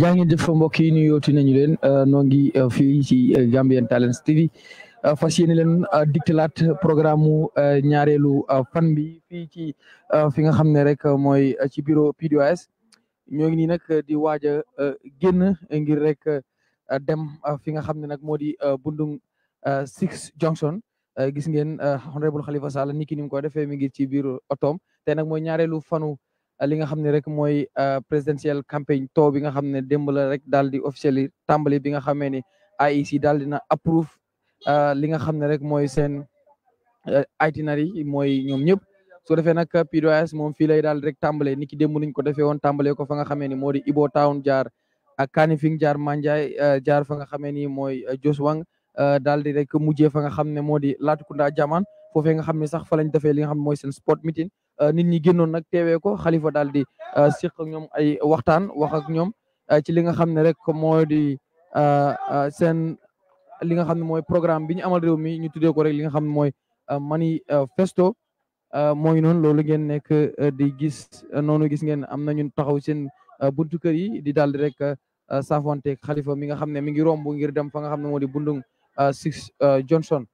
jaa def jëf mbokk yi nuyooti nañu leen euh, noo ngi euh, fii ci euh, Gambian Talents TV fas yéene leen diktalaat programme mu ñaareelu fan bi fii ci fi nga xam ne rek mooy ci bureau PDOIS ñoo ngi nii nag di waaj a génn ngir rek dem fi nga xam ne nag moo di Bundung Six Junction gis ngeen honorable Halifa Sallah niki ni mu ko defee mi ngi ci biir otoom te nag mooy ñaareelu fanu. li nga xam ne rek mooy euh, presidential campaign taw bi nga xam ne démb la rek daal di officiel yi bi nga xamee ne IEC daal dina approuve euh, li nga xam ne rek mooy seen euh, itinéraire yi mooy ñoom ñëpp su defee nag PDOIS moom fii lay daal rek tàmbalee ni ki démb nuñ ko defee woon tàmbalee ko fa nga xamee ni moo di Ibo Town jaar ak Kanifing jaar Manjai jaar fa nga xamee ni mooy Joswang daal di rek mujjee fa nga xam ne moo di Latrikunda Jaman foofee nga xam ne sax fa lañ defee li nga xam mooy seen sport meeting Euh, nit ñi génnoon nag teewee ko xalifa daal di euh, siq ak ñoom ay waxtaan wax ak ñoom euh, ci li nga xam ne rek moo di seen li nga xam ne mooy programme bi ñu amal réew mi ñu tuddee ko rek li nga xam ne mooy manifesto mooy noonu loolu ngeen nekk di gis noonu gis ngeen am nañu taxaw seen buntu yi di daal di rek saafonteeg xalifa mi nga xam ne mi ngi romb ngir dem fa nga xam ne moo di bundung Six Johnson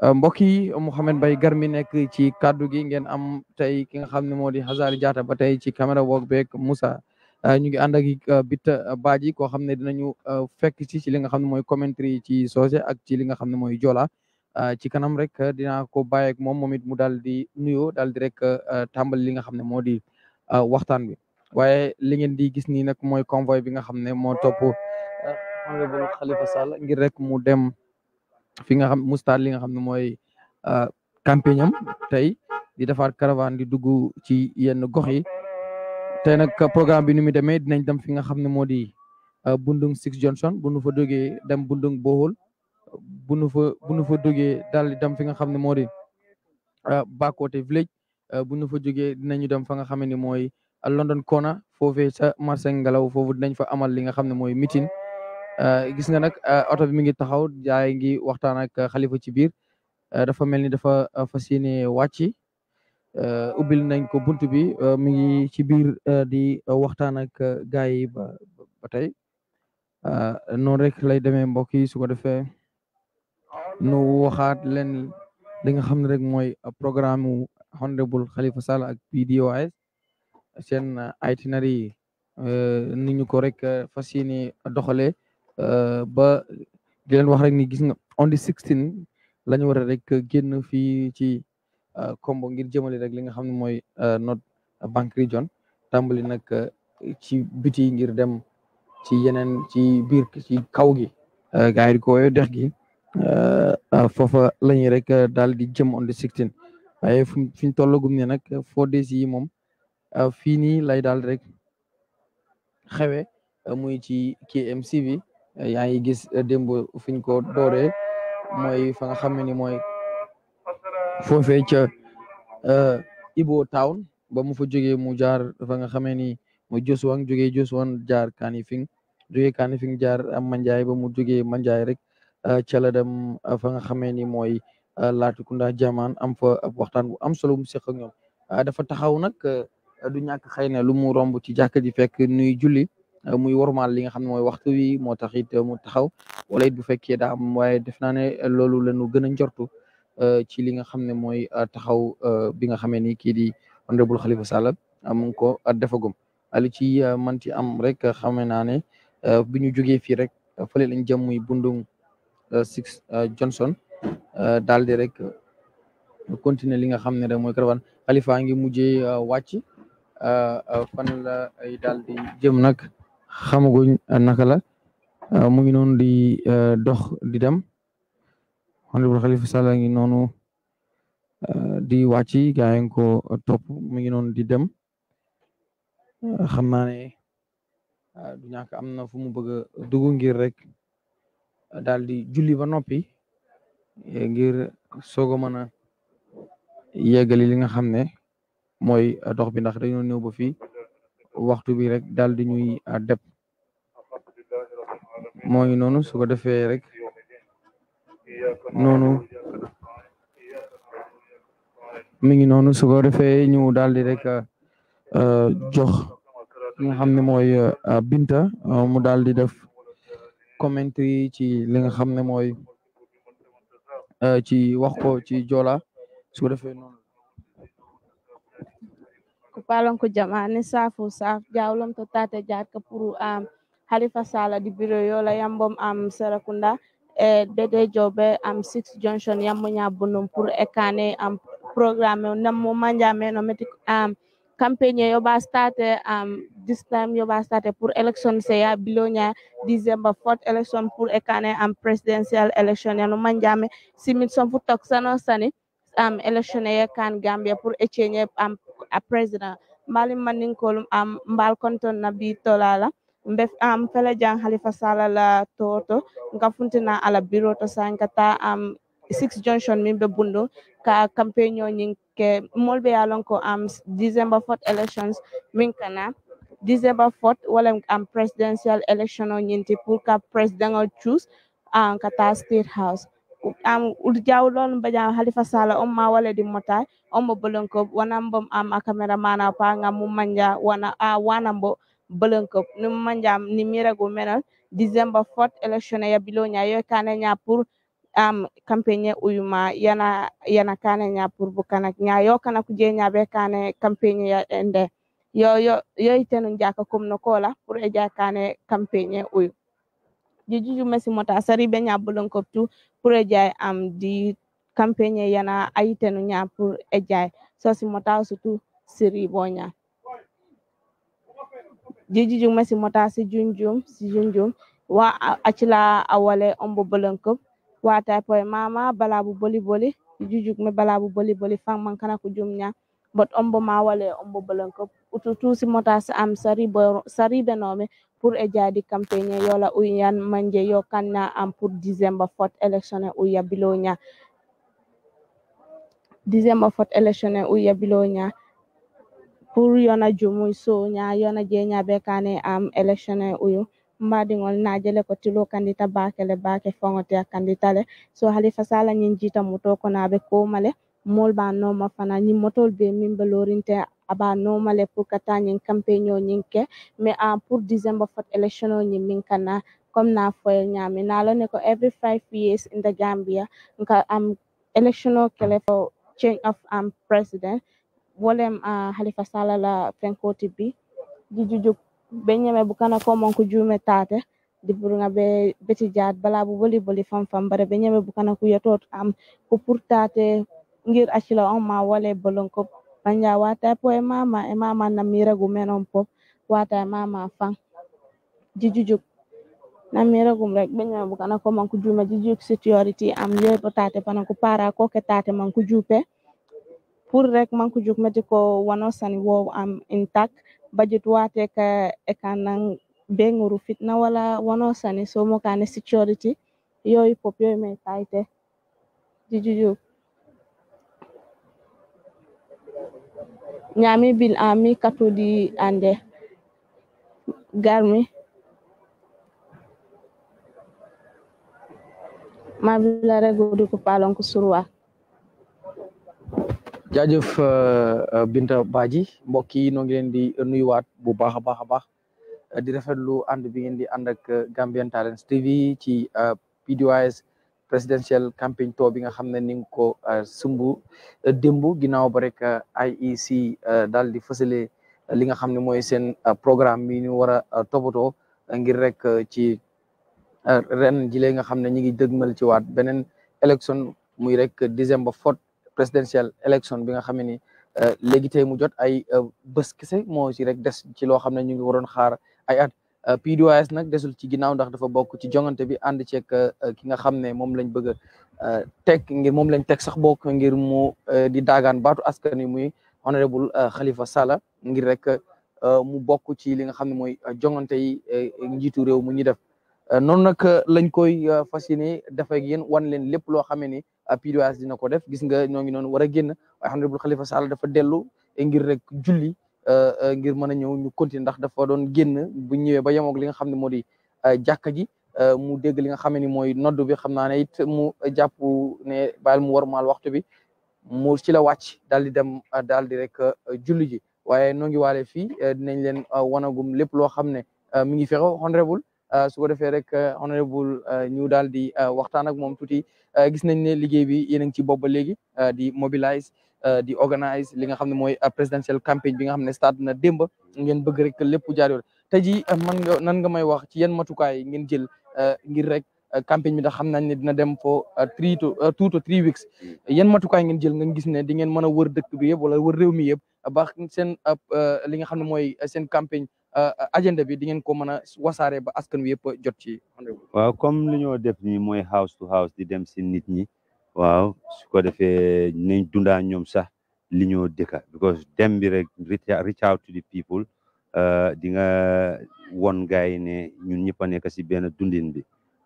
Euh, mbokk yi Mouhamed Mbaye gar mi nekk ci kaddu gi ngeen am tey ki nga xam ne moo di Hazary Diatta ba tey ci caméra woog beeg Moussa euh, ñu ngi ànd ak uh, Bitta Badji koo xam ne dinañu uh, fekk ci ci li nga xam ne mooy commentary ci soose ak ci li nga xam ne mooy jola uh, ci kanam rek dinaa ko bàyyeeg moom moom it mu daal di nuyo daal di rek tàmbali li nga xam ne moo di waxtaan bi waaye li ngeen di gis nii nag mooy convoy bi nga xam ne moo topp honorable Khalifa ngir rek mu dem. fi nga xam mu start li nga xam ne mooy ah, campagne am tey di defar caravane di dugg ci yenn gox yi tey nag programme bi nu mu demee dinañ dem fi nga xam ne moo di ah, Bundung Six Johnson bu nu fa dogee dem Bundung Bohol bu nu fa bu nu fa dogee daal di dem fi nga xam ne moo di ah, Bakote village bu nu fa jógee dinañu dem fa nga xam ne mooy London kona foofee sa marché ngelaw foofu dinañ fa amal li nga xam ne mooy meeting. Eh, gis nga nag eh, oto bi mi ngi taxaw jaay ngi waxtaan ak xalifa eh, ci biir dafa mel ni dafa fas yéene wàcc ubbil nañ ko bunt bi mi ngi ci biir di waxtaan ak gars yi ba ba tey noonu rek lay deme mbokk yi su ko defee nu waxaat leen li nga xam ne rek mooy programme mu honorable xalifa Sall ak PDOIS seen itinéraire yi ni ko rek fas yéene doxalee. ba di wax rek ni gis nga on the 16 la ñu war rek génn fii ci ah, Kombo ngir jëmale rek li nga xam ne ah, not North Bank Region tàmbali nag ah, ci biti ngir dem ci yeneen ci biir ci kaw gi gars yi di ko dex gi foofa la rek daal di jëm on the 16 waaye fi ñu tollagum ne nag foo des yi moom fii nii lay daal rek xewe muy ci KMC bi yaa ngi gis eh, démb fiñ ko dooree mooy fa nga xam ne ni mooy foofee ca eh, Ibo Town ba mu fa jógee mu jaar fa nga xam ne ni mooy Joswan jógee Joswan jaar Kanifing jógee Kanifing jaar Manjaay ba mu jógee Manjaay rek eh, ca la dem fa nga xam ne ni mooy Latrikunda Jamaan am fa ab waxtaan am solo mu seq ak ñoom dafa taxaw nag du ñàkk xëy na lu mu romb ci jàkka ji fekk nuy julli. muy wormaal li nga xam ne mooy waxtu wi moo tax it mu taxaw wala it bu fekkee daa am waaye def na ne loolu la ñu gën a njortu euh, ci li nga xam ne mooy euh, taxaw euh, bi nga xamee ni kii di honorable Khalifa Sall ah, mu ngi ko defagum ali ci manti am rek xamee naa ne bi ñu jógee fii rek fële lañ jëm muy bundung six Johnson daldi di rek continuer li nga xam ne rek mooy caravane Khalifa ngi mujjee wàcc fan la ay daal di jëm nag xamaguñ naka la euh, mu ngi noonu di euh, dox di dem honorable Halifa Sallah ngi noonu euh, di wàcc gaa yi ko topp mu ngi noonu di dem xam naa ne du ñàkk am na fu mu bëgg a dugg ngir rek daal di julli ba noppi ngir soog a mën a yeggali li nga xam ne mooy dox bi ndax dañoo ñëw ba fii. waxtu bi rek daal di ñuy ah, deb moo ngi noonu suko defee rek noonu mi ngi noonu su ko defee ñu daal di rek ah, ah, jox li nga xam ne mooy Binta mu daldi def commentaire yi ci li nga xam ne mooy ci waxko ci Joola su defee noonu kupalon ko jamane safu saf jawlom to tata jaar ka puru am halifa sala di biro yola yambom am sarakunda e eh, dede jobe am six junction yammo nyabunum pour ekane am programme nammo manjame no meti am campagne ba starte am this time ba starte pour election se ya bilonya december fort election pour ekane am presidential election ya no manjame simit son fu tok sano sani am um, election ya kan gambia pour echenye am um, A president mali maninkol am mbal konton na bi tolala mbe am fele jang halifa sala la toto nga funtina ala biro to sankata am six junction min be bundo ka campaign nyin ke molbe yalon ko am december 4th elections min kana december 4th wala am presidential election o nyinti pour ka president o choose um, kata state house um, ulijawulon baja halifa sala umma wale di motai umma bolonko wanambo ama kamera mana panga mumanja wana a uh, wanambo bolonko numanja ni mirago menal December 4th election ya bilonya yo kanenya pour um, yana yana kanenya pour bukana nya yo kana kuje nya be kane ya ende yo yo yo jaka komno kola pour e kane campagne uyu jijujuma simota saribe ñabbulonkoptu pour e jay am di campagne yana ayitenu ña pour e jay so simota sutu siriboña jijujuma simota si junjum si junjum wa acila awale ombo bolonkop wa taypo e mama balabu boli boli jujuk me balabu boli boli fang man kana bot ombo ma wale ombo bolonkop utu si am saribe pour e jadi campaign yola uyan manje yo kanna am pour December fort th election uya bilonya December fort th election uya bilonya pour yona jumu so nya yona je be kane am election uyu na jele ko tilo kandita bakele bake fongote a kandita le so halifa sala ñin jita muto ko naɓe komale mol banoma fana ni motol be min ɓe about normally pukatanying campaign yo nyinke me um, pour December 4th election o nyiminkana comme na foil nyami nalo neko every five years in the Gambia nka kele for change of um, president wolem uh, Halifa Sallah la fenkoti bi jijujuk benyeme bukana ko mon ko taate di burunga be beti jaat bala bu boli boli fam fam bare be nyeme bukana ku yetot am ko purtate ngir acila on ma wale banja watai po e mama e mama na miragu menon pop watai e mama fan jijujuk na miragum rek benyama bukana ko manku juma security am yoy po tate para ko ke tate manku jupe rek manku juk meti wo am intact budget wate ka e kanan benguru fitna wala wano sani kane security yoy pop yoy me taite jijujuk nyami bil ami di ande garmi ma bilare di ko palon ko surwa jajeuf eh, eh, binta baji mbokki no ngi leen di nuyuwaat bu baakha baakha baakh eh, di rafetlu and bi ngeen di and ak Gambian Talents TV ci PDOIS presidential campaign tour bi nga xam ne ni nga ko euh, sumbu euh, démb ginnaaw ba rek euh, IEC daal di fësale li nga xam ne mooy seen programme bi ñu war a toppatoo ngir rek ci ren jile nga xam ne ñi ngi dëgmal ci waat beneen élection muy rek December fourth presidential election bi nga xam ne ni léegi tey mu jot ay bés kese moo si rek des ci loo xam ne ñu ngi waroon xaar ay at Euh, PDOIS nag desul ci ginnaaw ndax dafa bokk ci jongante bi ànd ceeg euh, ki nga xam ne moom lañ bëgg a euh, teg ngir moom lañ teg sax bokk ngir mu di daagaan baatu askan wi muy honorable xalifa sala ngir rek mu bokk ci li nga xam ne mooy jongante yi njiitu réew mu ñuy def noonu nag lañ koy fas yéene dafa ak yéen wan leen lépp loo xamee ni PDOIS dina ko def gis nga ñoo ngi noonu war a génn waaye honorable Khalifa Sall dafa dellu ngir rek julli. Euh, euh, ngir mën a ñëw ñu continuer ndax dafa doon génn bu ñëwee ba yemoog li nga xam ne moo di euh, jàkka ji mu dégg li nga xam ne mooy nodd bi xam naa ne it mu jàpp ne baal mu war maal waxtu bi mu ci la wàcc daal di dem daal di rek julli ji waaye noo ngi waale fii dinañ leen wanagum lépp loo xam ne mi ngi fexe honorable su ko defee rek honorable ñu daal di waxtaan ak moom tuuti gis nañ ne liggéey bi yéen a ngi ci bopp ba léegi di mobilize. Euh, di organise li nga xam ne mooy euh, présidentielle campagne bi nga xam ne stade na démb ngeen bëgg rek lépp jaar yoon te ji euh, man nga nan nga may wax ci yan matukaay ngeen jël ngir rek campagne bi da xam nañ ne dina dem fo three to two to three weeks hmm. yan matukaay ngeen jël nga gis ne di ngeen mën a wër dëkk bi yëpp wala wër réew mi yëpp ba seen li nga xam ne mooy seen campagne agenda bi di ngeen ko mën a wasaare ba askan wi yëpp jot ci. waaw comme li ñoo def nii mooy house to house di dem si nit ñi. waaw su ko defee nañ dundaa ñoom sax li ñoo dëkka because dem bi rek reach out to the people uh, di nga won gaay ne ñun ñëpp a nekk si benn dundin bi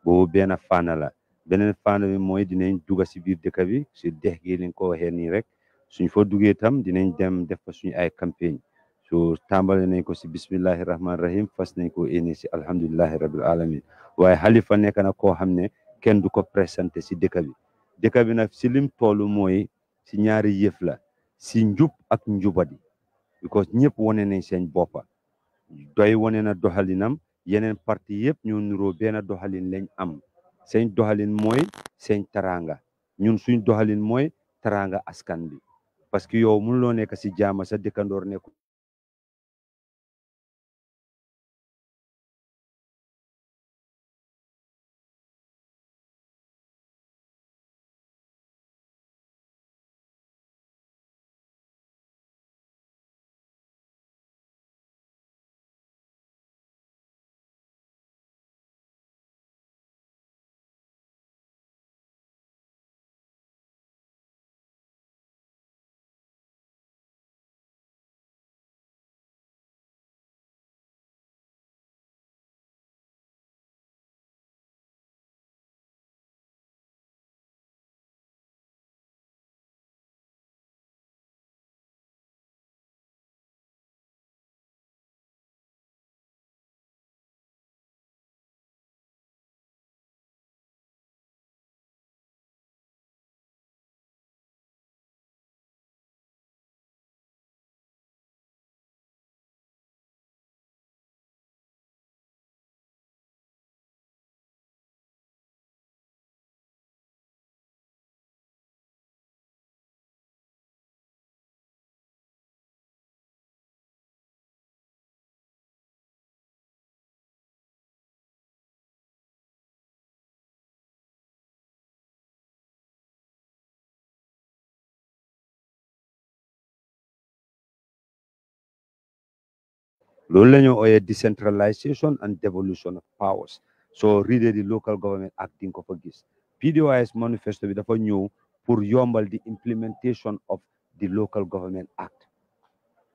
boobu benn fànn la beneen fànn bi mooy dinañ dugga si biir dëkk bi si dex gi liñ ko waxee nii rek suñ fa duggee tam dinañ dem def fa suñu ay campagne so tàmbale nañ ko si bismillahi rahmani rahim fas nañ ko éni si alhamdulilahi rabil alamin waaye xalifa nekk na koo xam ne kenn du ko présenté si dëkk bi dëkk bi nag si lim mooy si ñaari yëf la si njub ak njubadi because ñëpp wane nañ seen boppa doy wane na doxalinam yeneen parti yëpp ñoo nuroo benn doxalin lañ am seen doxalin mooy seen taraanga ñun suñ doxalin mooy taraanga askan bi parce que yow mënuloo nekk si jaama sa dëkkandoor nekku loolu la ñu ooyee decentralization and devolution of powers soo riidee di local government act di nga ko fa gis PDOIS manifesto bi dafa ñëw pour yombal di implementation of the local government act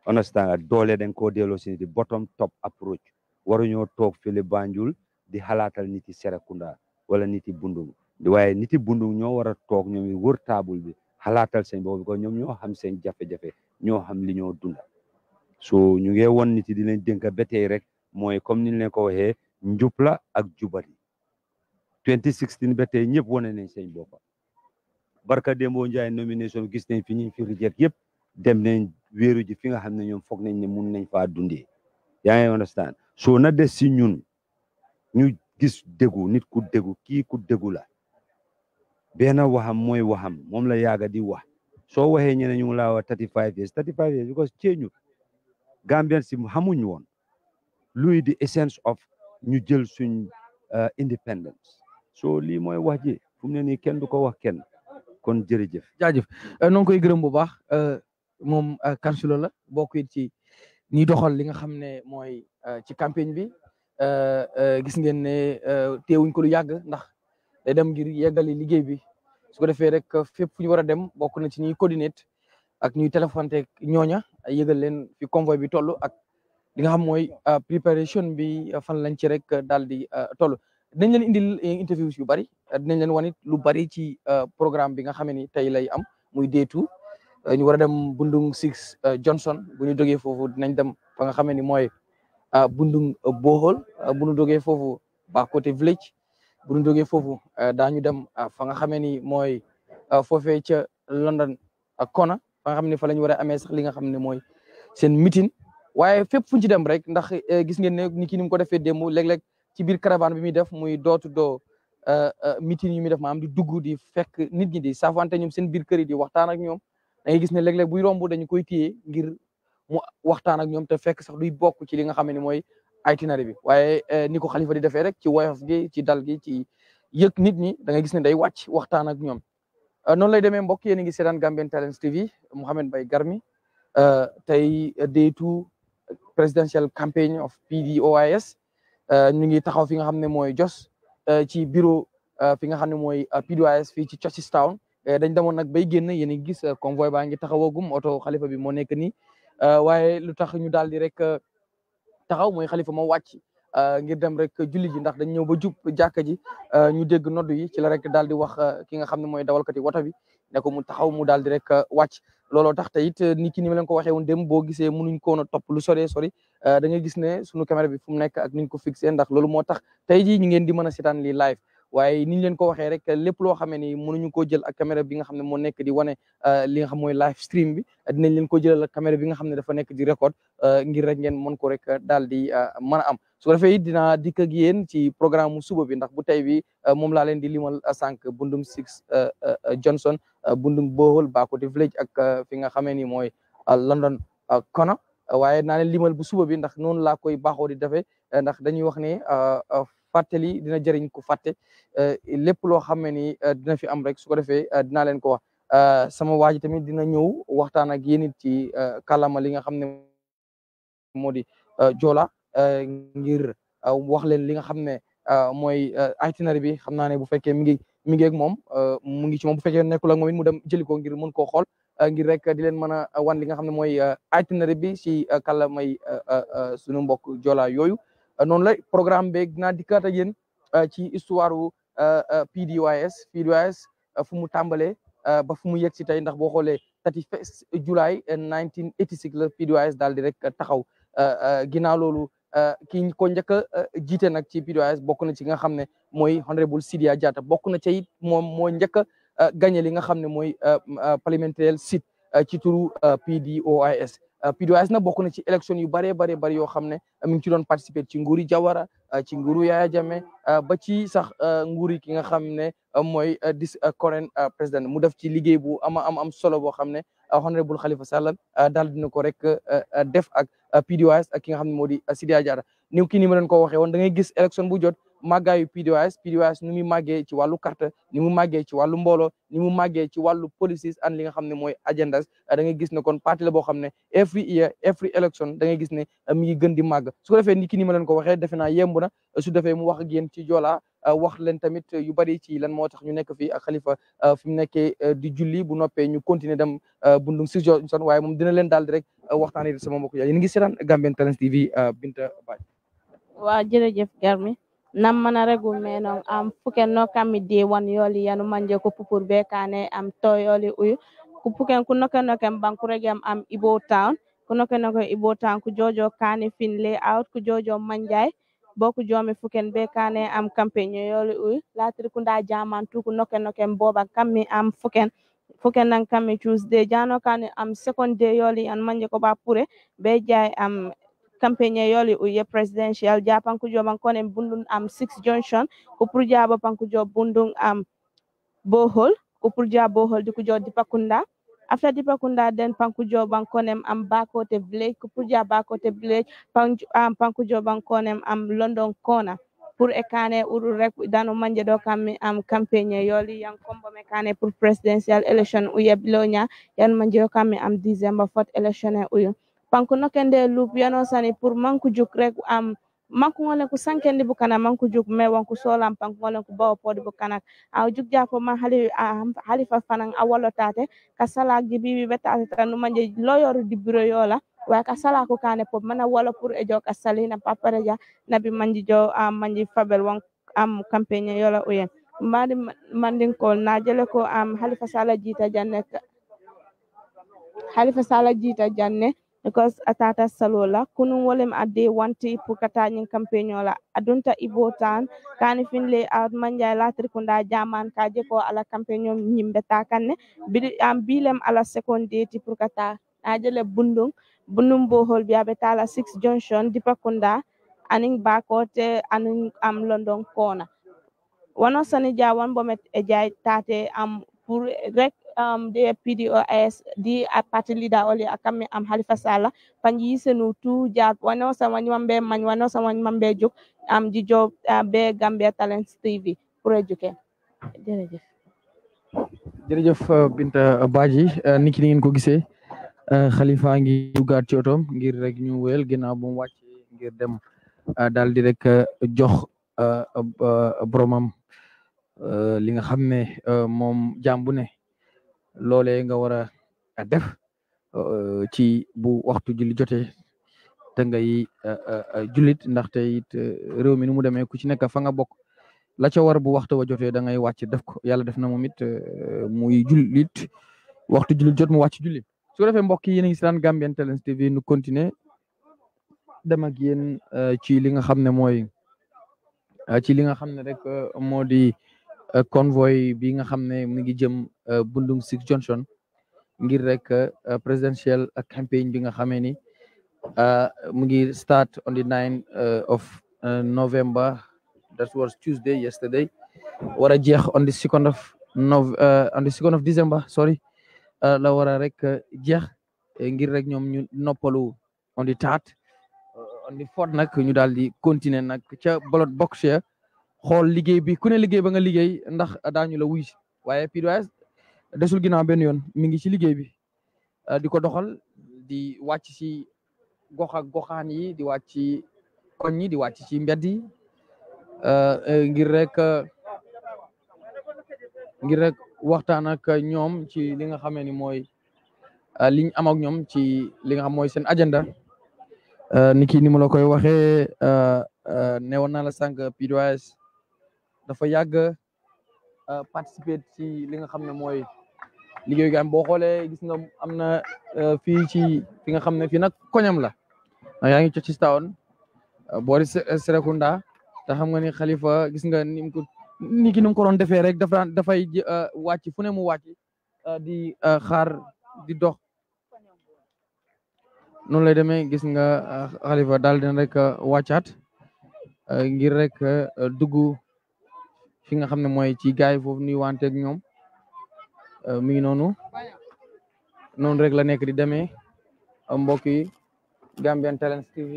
understand nga doole dañ koo delloo si di bottom top approach waruñoo toog fële Banjul di xalaatal nit yi Serekunda wala nit yi Bundung waaye nit yi Bundung ñoo war a toog ñoom wër taabul bi xalaatal seen boobu ko ñoom ñoo xam seen jafe-jafe ñoo xam li ñoo dunda so ñu ngi woon nit yi di leen ba tey rek mooy comme niñ leen ko waxee njub la ak jubali 2016 ba tey ñëpp wane nañ seen boppa barka Dembo Ndiaye nomination gis nañ fi ñu fi rijet yëpp dem nañ wéeru ji fi nga xam ne ñoom foog nañ ne mun nañ faa dundee yaa ngi understand so na des si ñun ñu gis déggu nit ku déggu kii ku déggu la benn waxam mooy waxam moom la yaaga di wax soo waxee ñeneen ñu ngi laa wax 35 years 35 years Gambien si xamuñ woon luy di essence of ñu jël suñ euh, independence so lii mooy wax ji fu mu ne nii kenn du ko wax kenn kon jërëjëf. jaajëf euh, noo ngi koy gërëm bu baax euh, moom kansulo la bokk it ci ñi doxal li nga xam ne mooy ci campagne bi gis ngeen ne teewuñ ko lu yàgg ndax day dem ngir yeggali liggéey bi su ko defee rek fépp fu ñu war a dem bokk na ci ñuy coordinate ak ñuy téléphonte ñooña yëgal leen fi convoy bi toll ak li nga xam mooy euh, préparation bi fan lañ ci rek daal di euh, toll dinañ leen indil euh, interviews yu bari dinañ leen wanit lu bari ci programme bi nga xam ni tey lay am muy day two ñu war a dem Bundung six Johnson bu ñu jógee foofu dinañ dem fa nga xam ni mooy Bundung Bohol bu ñu jógee foofu Bakoteh village bu ñu jógee foofu daañu dem fa nga xam ni mooy foofee ca London Kona fa nga xam ne fa la ñu war amee sax li nga xam ne mooy seen mitin waaye fépp fu ñu ci dem rek ndax eh, gis ngeen ne ni ki ni mu ko defee démb léeg-léeg ci biir caravane bi muy def muy dootu doo eh, eh, meeting yu muy def maanaam di dugg di fekk nit ñi di saafante ñoom seen biir kër yi di waxtaan ak ñoom da ngay gis ne léeg-léeg buy romb dañu koy téye ngir mu waxtaan ak ñoom te fekk sax duy bokk ci li nga xam ne mooy itinéraire bi waaye ni ko xalifa di defee rek ci woyof gi ci dal gi ci yëg nit ñi da ngay gis ne day wàcc waxtaan ak ñoom Euh, noonu lay demee mbokk yéen a ngi seetaan Gambian Talents TV Mohamed Bay Garmi euh, tey euh, day two presidential campaign of PDOIS ñu ngi taxaw fi nga xam ne mooy Jos ci bureau fi nga xam ne mooy PDOIS fii ci Churchilltown dañ demoon nag bay génn yéen a gis convoy baa ngi taxawagum oto xalifa bi moo nekk nii waaye lu tax ñu daal di rek taxaw mooy xalifa moo wàcc Euh, ngir dem rek julli ji ndax dañ ñëw ba jub jàkka ji euh, ñu dégg noddu yi ci la rek daal di wax euh, ki ga xam ne mooy dawalkati woto bi ne ko mu taxaw mu daal di rek wàcc looloo tax te it ni ki ni ma ko waxee woon dem boo gisee mënuñ ko woon topp lu sori sori da ngay ne sunu caméra bi fu mu nekk ak niñ ko fixé ndax loolu moo tax tey jii ñu ngeen di mën a seetaan lii live waaye ni ñu leen ko waxee rek lépp loo xamee ni mënuñu koo jël ak caméra bi nga xam ne moo nekk di wane li nga xam mooy live stream bi dinañ leen ko jëlal ak caméra bi nga xam ne dafa nekk di record ngir rek ngeen mën ko rek daal di mën a am su ko defee it dinaa dikk ak yéen ci programme mu suba bi ndax bu tey bi euh, moom laa leen di limal euh, sànq Bundung Six euh, Johnson Bundung Bohol Bakoteh Village ak fi nga xamee ni mooy London Kona waaye naa leen limal bu suba bi ndax noonu laa koy baaxoo di defee ndax dañuy wax ne fàttali dina jëriñ ku fàtte lépp loo xam ne ni dina fi am rek su ko defee dinaa leen ko wax sama waa ji tamit dina ñëw waxtaan ak yéen it ci kàllaama li nga xam ne moo di Euh, ngir euh, wax leen li nga xam ne euh, mooy itinéraire bi xam naa ne bu fekkee mi ngi mi ngi ak moom mu ngi ci moom bu fekkee nekkul ak moom it mu dem jëli ko ngir mën koo xool ngir rek di leen mën a wan li nga xam ne mooy itinéraire bi si kala may sunu mbokk jola yooyu noonu la programme beeg naa dikkaat ak yéen ci histoire wu PDOIS PDOIS fu mu tàmbalee ba fu mu yegg si tey ndax boo xoolee 31 July 1986 la PDOIS daal di rek taxaw ginnaaw loolu. Eh, ki ko njëkk a eh, jiite nag ci PDOIS bokk na ci nga xam ne mooy honorable Sidia Jatta bokk na ci it moom moo njëkk a eh, gagné li nga xam ne mooy sit site ci turu PDOIS PDOIS nag bokk na ci élection yu bare bare bëri yoo xam ne mi ngi ci doon participer ci nguuri Jawara ci nguuru Yaya Jammeh ba ci sax nguuri ki nga xam ne mooy dis current président mu def ci liggéey bu ama am am solo boo xam ne bul Khalifa Sall euh, daal dina ko rek euh, euh, def ak PDOIS ak ki nga xam ne moo di Sidia Diarra ni kii ni ma leen ko waxee woon da ngay gis élection bu jot màggaayu PDOIS PDOIS ni muy màggee ci wàllu carte ni mu màggee ci wàllu mbooloo ni mu màggee ci wàllu policies and li nga xam ne mooy agendas da ngay gis ne kon parti la boo xam ne every year every election da ngay gis ne mi ngi gën di màgg su ko defee ni kii ni ma leen ko waxee defe naa yemb na su defee mu wax ak yéen ci jola Euh, wax leen tamit yu bari ci lan moo tax ñu nekk fii ak xalifa euh, fi mu nekkee euh, di julli bu noppee ñu continuer dem bundum si Johnson waaye moom dina leen daal di rek waxtaanee sama mbokk yi yéen ngi seetaan Gambian Talents TV Binta Badji. waa jërëjëf Garmi nam mana regu menon am fuken no kami di wan yoli yanu manje ko pupur be kane am to yoli uyu ku fuken ku noke noke banku regi am am ibo town ku noke noke ibo town ku jojo kane fin layout ku jojo manjay boku joomi fuken be kane am campaign yoli uy latiri kunda jaman tuku noke noken boba kammi am fuken fuken nan kammi tuesday jano kane am second day yoli an manje ko pure be am campaign yoli uye presidential japan ku joban konen bundun am 6 junction ko pur jaba pan am bohol ko pur jaba after Dipakunda, den Pankujo am bako Bakote Village, Kupuja Bakote Village, Pankujo konem am London kona pour e kane uru rek dano manje do kam am campagne yoli yang kombo me kane pour presidential election uye blonya yan manje do kam am december fort election e uyu panko nokende lup yano sani pour manku juk rek am um, mankuŋole ku sankendi bukana manku me wanku solan pankuŋole ku bawo podi bukana a juk jako ma hali a halifa fanan a walo jibibi be tate tanu manje loyoru di biro yola way ka sala ko kane pop mana wala pour e papare ja nabi manji jo am manji fabel am campagne yola uyen madi mandin ko na jele am halifa sala sala jita janne because atata salola kunun wolem ade wanti pukata nyin campagnola adunta ibotan kani finle out manja latri kunda jaman kaje ko ala campagnon nyimbe takanne bi am bilem ala seconde ti pukata ajele bundung bundum bohol bi abetala 6 junction dipakunda aning bakote aning am london kona wano sani jawan bomet e jay tate am pour rek um, the PDOS, the party leader oli akami am Halifa Sala, panji senu tu jat wano sa wani mambe man wano sa wani mambe juk am di be Gambia Talents TV pour éduquer. Jërëjëf. Jërëjëf euh, Binta Badji euh, ni ki ngeen ko gisee xalifa euh, ngi dugaat ci otoom ngir rek ñu wéyal ginnaaw bu ngir dem daal di rek jox boromam li nga xam ne moom jaam loolee nga war a def euh, ci bu waxtu julli jotee te ngay euh, euh, julit ndaxte it réew mi nu mu demee ku ci nekk fa nga bokk la ca war bu waxtu wa jotee da ngay wàcc def ko yàlla def na moom it muy jullit waxtu jullit jot mu wàcc julli su ko defee mbokk yi yéen a ngi si daan Gambian Talents TV nu continuer dem ak yéen ci li nga xam ne mooy ci li nga xam ne rek moo di. Euh, convoy bi nga xam mu ngi jëm euh, Bundung Six Junction ngir rek euh, presidential campaign bi nga xamé ni mu ngi start on the 9 of November that was Tuesday yesterday wara jeex on the second of nov on the second of December sorry la wara rek jeex ngir rek ñom ñu noppalu on the third on the fourth nak ñu daldi di continuer ca ballot box ya xol liggey bi ku ne liggey ba nga liggey ndax dañu la wuy waye waaye desul ginnaaw ben yoon mi ngi ci liggey bi ah, di doxal di wacc si gox ak goxaan yi di wacc ci koñ yi di wacc ci mbedd yi ah, eh, ngir rek ah, ngir rek waxtaan ak ñoom ci li nga xamé ni moy liñ am ak ñoom ci li nga xam moy seen agenda euh niki ni ma la koy euh newoon na la dafa yàgg euh, participer ci li nga xam ne mooy liggéeyu gaam boo xoolee gis nga am na euh, fii ci fi nga xam ne fii nag koñam la yaa ngi Churchill's Town euh, boori Serekunda te xam nga ni Khalifa gis nga ni mu ko ni ki ni ko doon defee rek dafa dafay wàcc fu ne mu wàcc di xaar di dox noonu lay demee gis nga Khalifa daal dina rek wàccaat ngir rek dugg fi nga xam ne mooy ci gaay yi foofu nuyuwanteeg ñoom euh, mi ngi noonu noonu rek la nekk di demee euh, mbokk yi Gambian Talents TV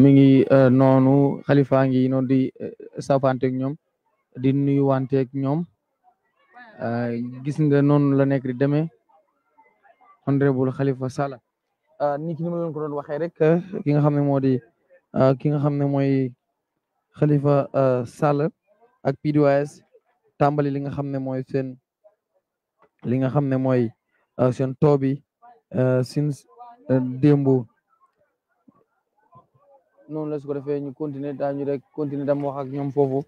mi ngi euh, noonu Halifa ngi noonu di safanteeg ñoom di nuyuwanteeg ñoom gis nga noonu la nekk di demee honorable Halifa Sallah ni ki ni ma rek ki nga xam ne moo di ki nga xam ne mooy Khalifa euh, Sall ak PDOIS tàmbali li nga xam ne mooy seen li nga xam ne mooy euh, seen toobi euh, since démb noonu la su ko defee ñu continuer daañu rek continuer dam wax ak ñoom foofu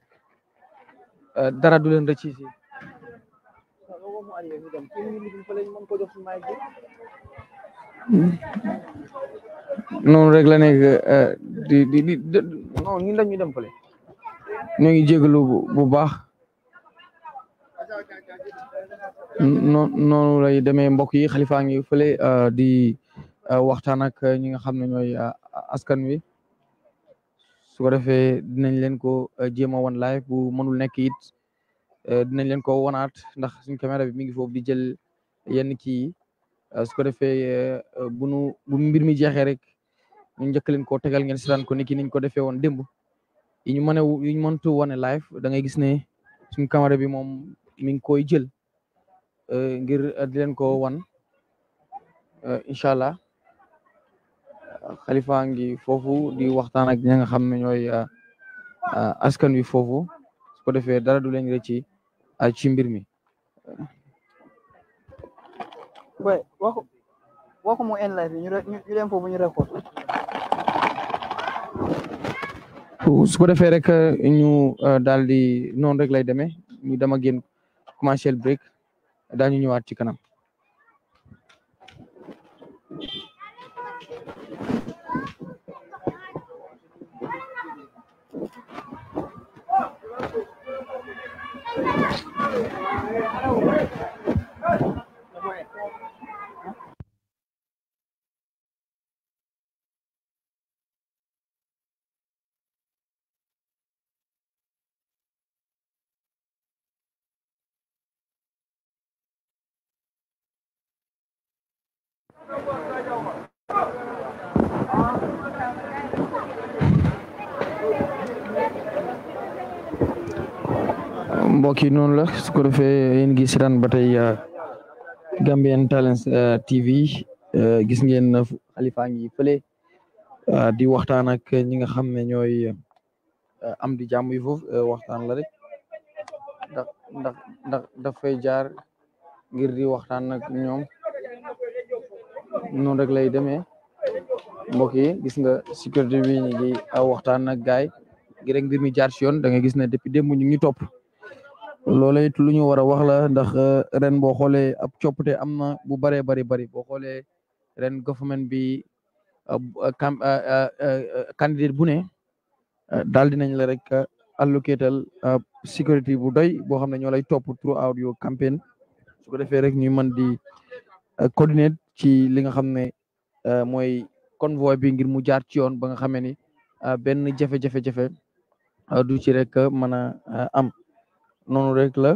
dara du leen rëcc si noonu rek la nekk di di di non ñun dem fële ñoo ngi jégalu bu baax noonu lay demee mbokk yi xalifa ngi fële euh, di euh, waxtaan ak ñi nga xam ne ñooy euh, askan wi su ko defee dinañ leen ko jéem a wan live bu mënul nekk it dinañ leen ko wanaat ndax suñ caméra bi mi ngi foofu di jël yenn kii su ko defee bu nu bu mbir mi jeexee rek ñu njëkk leen koo tegal ngeen seetaan ko ni ki niñ ko defee woon démb yi ñu mën a yi ñu mëntu wane live da ngay gis ne suñu caméra bi moom mi ngi koy jël euh, ngir euh, di leen ko wan euh, incha allah xalifa ngi foofu di waxtaan ak ña nga xam ne ñooy askan wi foofu su ko defee dara du leen rëcc ci mbir mi. waxu waxu mu en live ñu dem foofu tout su ko defee rek ñu daal di noonu rek lay demee ñu dem commercial break dan ñëwaat ci kanam. Thank you. mbokk non la su ko defee yéen ngi sitaan ba uh, Gambian Talents uh, TV uh, gis ngeen Halifa ngi fële di waxtaan ak ñi nga xam ne am di jamu yi foofu waxtaan la rek ndax ndax ndax dafay jaar ngir di waxtaan ak ñoom noonu rek lay demee mbokk yi gis nga sécurité bi ñu ngi aw ah, waxtaan ak gaay gi rek mbir mi jaar si yoon da nga gis ne depuis démb ñu ngi topp loola lu ñu war a wax la ndax euh, ren boo xoolee ab coppite am na bu bëree bari bari boo xoolee ren government bi euh, cam euh, candidat bu ne daal dinañ la rek allocatal sécurité bu doy boo xam ne ñoo lay topp throughout campaign su ko rek ñuy coordinate ci li nga xam ne euh, mooy convoi bi ngir mu jaar ci yoon ba nga xamee ni euh, benn jafe-jafe-jafe euh, du ci rek mën a am noonu rek la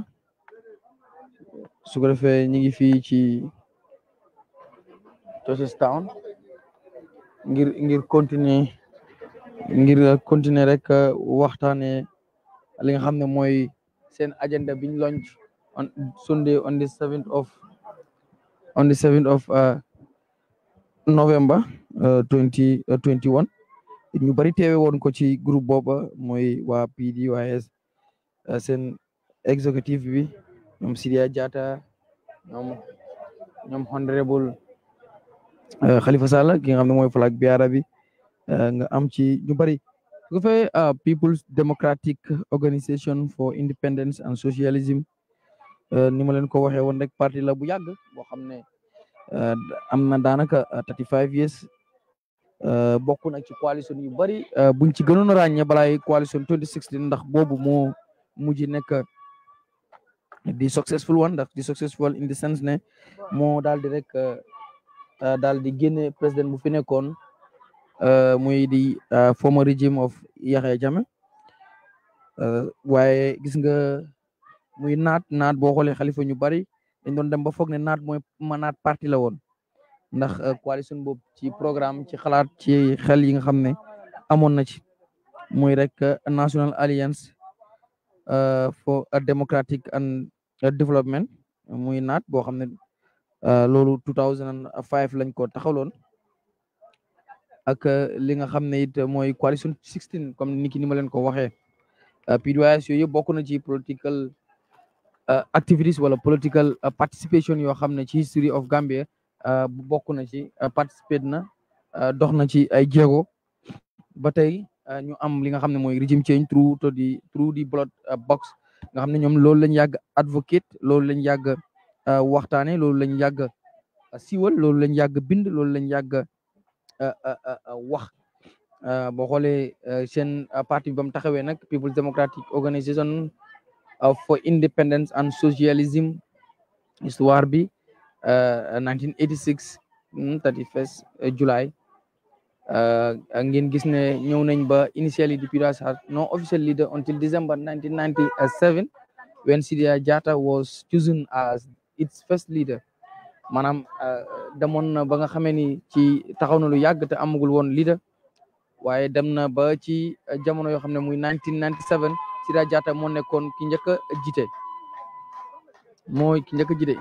su ko defee ñu ngi fii ci Tossestown ngir ngir continuer ngir continuer rek waxtaane li nga xam ne mooy seen agenda biñ launch on Sunday on the seventh of on the 7th of uh, november uh, 2021 uh, ñu bari teewe woon ko ci groupe booba executive, waa PDOIS seen exécutif bi ñoom Sidia honorable Khalifa Sala, King nga xam ne flag bi nga People's Democratic Organization for Independence and Socialism Eh, ni ma len ko waxe won rek parti la bu yàgg bo xamne ne eh, am na 35 eh, years bokku na ci coalition yu bari buñ ci gënon rañe ràññee coalition 2016 ndax bobu mo muji nek di successful one ndax di successful in the sense ne mo dal di rek dal di génne président bu fi nekkoon muy di former regime of Yahya euh waye gis nga. muy naat naat boo xoolee xalifa ñu bari dañ doon dem ba foog ne naat mooy manaat parti la woon ndax euh, coalition boobu ci programme ci xalaat ci xel yi nga xam ne amoon na ci muy rek euh, National Alliance euh, for Democratic and Development muy naat boo xam ne loolu 2005 lañ ko taxawloon ak li nga xam ne it mooy coalition 16 comme ni ki ni ma leen ko waxee PDOIS yooyu bokk na ci political Euh, activities wala political euh, participation yoo xam ne ci history of Gambia euh, bokk na ci participate na dox na ci ay jéego ba tey ñu am li nga xam ne mooy regime change through to the through the box nga xam ne ñoom loolu lañ yàgg advocate loolu lañ yàgg waxtaane loolu lañ yàgg siwal loolu lañ yàgg bind loolu lañ yàgg wax boo xoolee seen parti bi ba mu taxawee nag People's Democratic Organisation Uh, for Independence and Socialism histoire bi 1986 uh, 31st hmm, uh, July ngeen gis ne ñëw nañ ba initially Deputy Dawes no official leader until December 1997 when Sidia Jatta was chosen as its first leader maanaam demoon na ba nga xamee ni ci taxaw na lu yàgg te amagul woon leader waaye dem na ba ci jamono yoo xam ne muy 1997 Sira Diatta moo nekkoon ki njëkk a jiite mooy ki njëkk a jiite